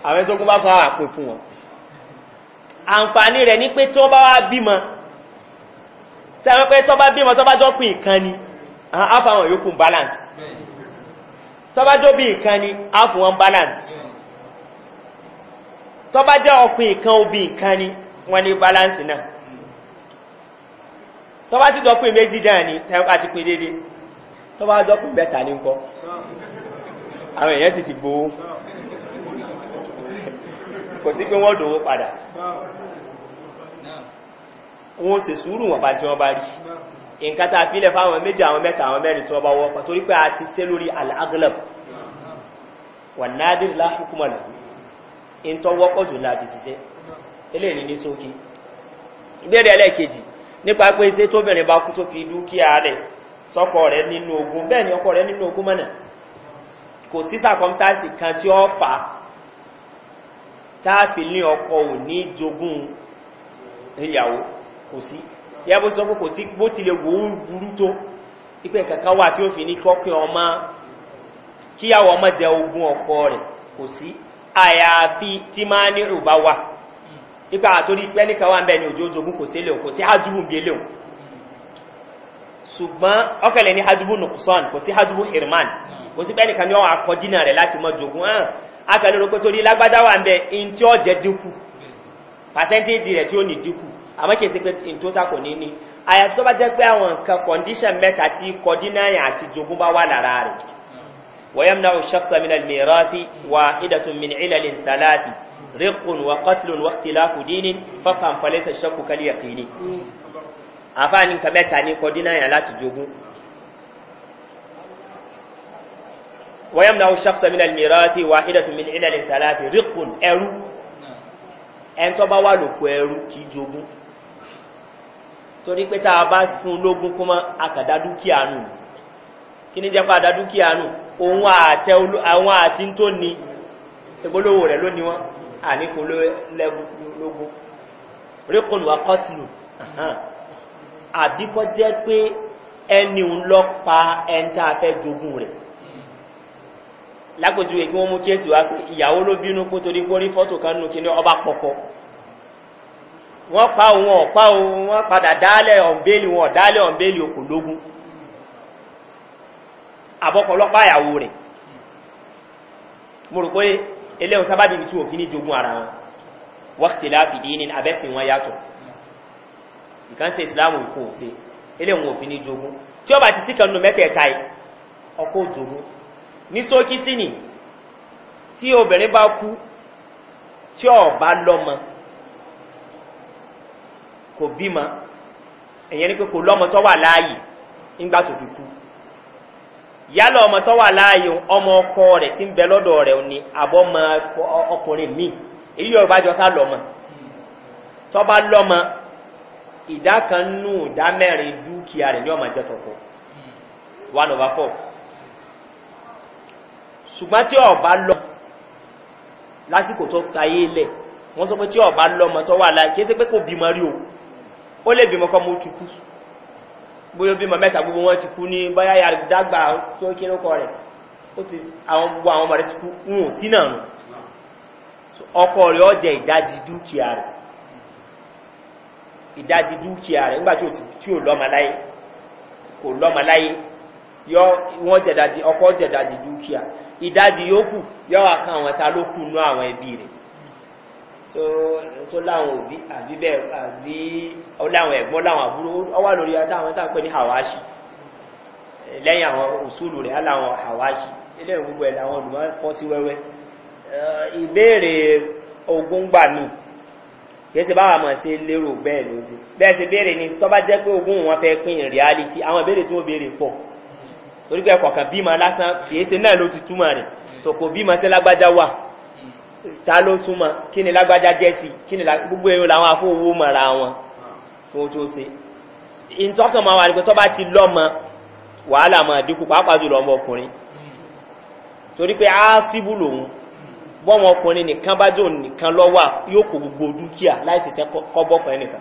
Speaker 2: àwọn ẹsókun bá fọ́ àpè fún wọn àǹfààní rẹ̀ ní pé tí wọ́n bá wá bímọ sẹ́wọ́n pé tọ́ bá bímọ tọ́ bá jọ́ pín ìkan ni àáfà àwọn yóò kún balance tọ́bá jọ bí nǹkan ni àáfù wọn balance tọ́bá jẹ́ ọkùn nǹkan obì nǹkan ni wọ́n ní balance náà tọ́bá ti dọ́kùn méjì dáa ni àti pé dédé tọ́bá dọ́kùn mẹ́ta ní nǹkan àwọn èèyàn ti ti gbowó kò sí pé wọ́n dòwó padà wọ́n ó se sùúrù wọn bá tí wọ́n bá rí nǹkan tá fi fílẹ̀ fáwọn méjì àwọn mẹ́ta àwọn mẹ́rin tí bá wọ́pọ̀ torí pé a ti sé lórí al'aglab wọ̀n nádir láhùkúmọ̀ in tó wọ́pọ̀ jù láti ṣiṣẹ́ ilé ní ní sókí ìbẹ̀rẹ̀ ẹlẹ́kejì nípa pé iṣẹ́ tóbìnrin bá kú tó fi dúkìá rẹ̀ ogun yàbó sọ pé kò sí bó tilẹ̀ wò ó burú tó ipe kankan wà tí ó fi ní kọ́kí ọmọ kíyàwó ọmọ jẹ ogun ọkọ rẹ̀ kò sí àyàfi tí máa ní rùbá wà ipa àtórí pẹ́ ní kan wà ń bẹ́ ní òjòjògún kò sí léun kò sí hajjúbù bí léun ṣùgbọ́n ọkẹ̀lẹ̀ ní hajjúbù nùkùsọ́n kò sí hajjúbù irman kò sí pẹ́nìkan ní ọwọ́ akọjínà rẹ̀ láti mọ́ jogun hàn akẹ́lẹ̀ rẹ̀ pé torí lágbádá wà in tí ó jẹ́ dínkù pàṣẹ́ntéèdì rẹ̀ tí ó ní dínkù àmọ́ kìí ṣe pé ìtòsà kò ní ní àyàtí tó bá jẹ́ pé àwọn nǹkan condition mẹ́ta tí kọdínáyà àti jogun bá wà lára rẹ̀ wọ́yẹ́m náà ṣọ́ksà mìíràn mìíràn fi wà ìdàtún mìíràn ìlàlẹ̀ ìsàláàtì rẹ́kùn wa kọtìlùn wa tìláàkù dínì fọ́fà falẹ́sẹ̀ ṣọ́kù kálí yàkìní àfáàní nǹkan mẹ́ta ní kọdínáyà láti jogun wọ́yẹ́m náà ṣọ́ksà mìíràn mìíràn fi wà ìdàtún mìíràn ìlàlẹ̀ ìsàláàtì rẹ́kùn ẹrú ẹn bá wà lòkù ẹrú kìí jogun torí pé tá a bá fún lógún kó mọ́ àkàdá dúkìá nù kí ní jẹ́pá àdá dúkìá nù òun àtẹ àwọn àti tó ní ìgbólówó rẹ̀ lónìí wọn àníkò lógún rékùnù akọ́tìlù àbíkọ́ jẹ́ pé ẹni ń lọ pa ẹntà afẹ́ jogun rẹ̀ lápòjú èkí wọ́n mú kí èsì wá pé ìyàwó ló bínú kó torí kó rí fọ́tò kan nù kí ní ọba pọ̀kọ́ wọ́n pa òun ọ̀pá òun wọ́n padà dálẹ̀ ọ̀bẹ́lì wọn dálẹ̀ ọ̀bẹ́lì okò lógún àbọ́kọlọ́pá àyàwó rẹ̀ mo rò pé eléhùn sábàbí tí ò fi ní jogun ara wọn wọ́kìtì láàbìdí ní abẹ́sìn wọn yàtọ̀ ìkánṣe ìsìláàmù kò ṣe eléhùn ò fi ní jogun tí ọba ti síkan nù ni tí obìnrin bá kú kò bímọ èyàn ní pé kò lọ́mọ tó wà láàyè nígbà tó fi kú ọmọ láàyè ọmọ ọkọ rẹ̀ tí ń bẹ lọ́dọ̀ rẹ̀ ní àbọ́mọ ọkùnrin mí èyí yóò jọ sá lọ́mọ tó lọ́mọ ìdá kan one over four ṣùgbọ́n ọba lọ lásìkò tó tayé lẹ̀ wọ́n sọ ọba lọ́mọ láàyè kí é pé o ó lè bímọ kọ́ mú ti kú bi bímọ mẹ́ta gbogbo wọn ti kú ní báyá yà dágbà tí ó kéré kọ rẹ̀ ó ti àwọn gbogbo àwọn ọmọdé ti kú sí ọkọ rẹ̀ ọ jẹ dúkìá rẹ̀ ìdajì dúkìá tí ò kò yọ ọkọ dúkìá kan àwọn ló kù nú àwọn so láwọn òbí àbí bẹ́ẹ̀ àbí láwọn ẹ̀gbọ́n láwọn àbúrò ọwà lórí adáwọn tàà pẹ́ ní hawaii lẹ́yìn àwọn òṣùlù rẹ̀ aláwọn hawaii ilẹ̀ gbogbo ẹ̀ láwọn olùmọ́ kọ́ sí wẹ́wẹ́ ìbéèrè ogun gbà mí kẹsì bá wàmọ̀ sí lérò bẹ́ẹ̀ lójú bẹ́ẹ̀ sì béèrè ní tó bá jẹ́ pé ogun wọn fẹ́ pín in reality àwọn ìbéèrè tí wọ́n béèrè pọ̀ torí pé ẹ̀kọ̀ọ̀kan bímọ lásán kìí ṣe náà ló ti túmọ̀ rẹ̀ tòkò bímọ sí lágbájá wà ta ló kine kí ni lágbájá jẹ́ sí gbogbo èrò làwọn wọn fún tó ṣe ìtọ́kàn máa wà ní tọ́ bá ti lọ́mọ wàhálà ma dínkù pàápàá jùlọ ọmọ ọkùnrin torí pé a síbú lòun bọ́mọ ọkùnrin nìkan bá jò nìkan lọ́wà yóò gbogbo dúkìá sẹ́ kọ́bọ́kùnrin nìkan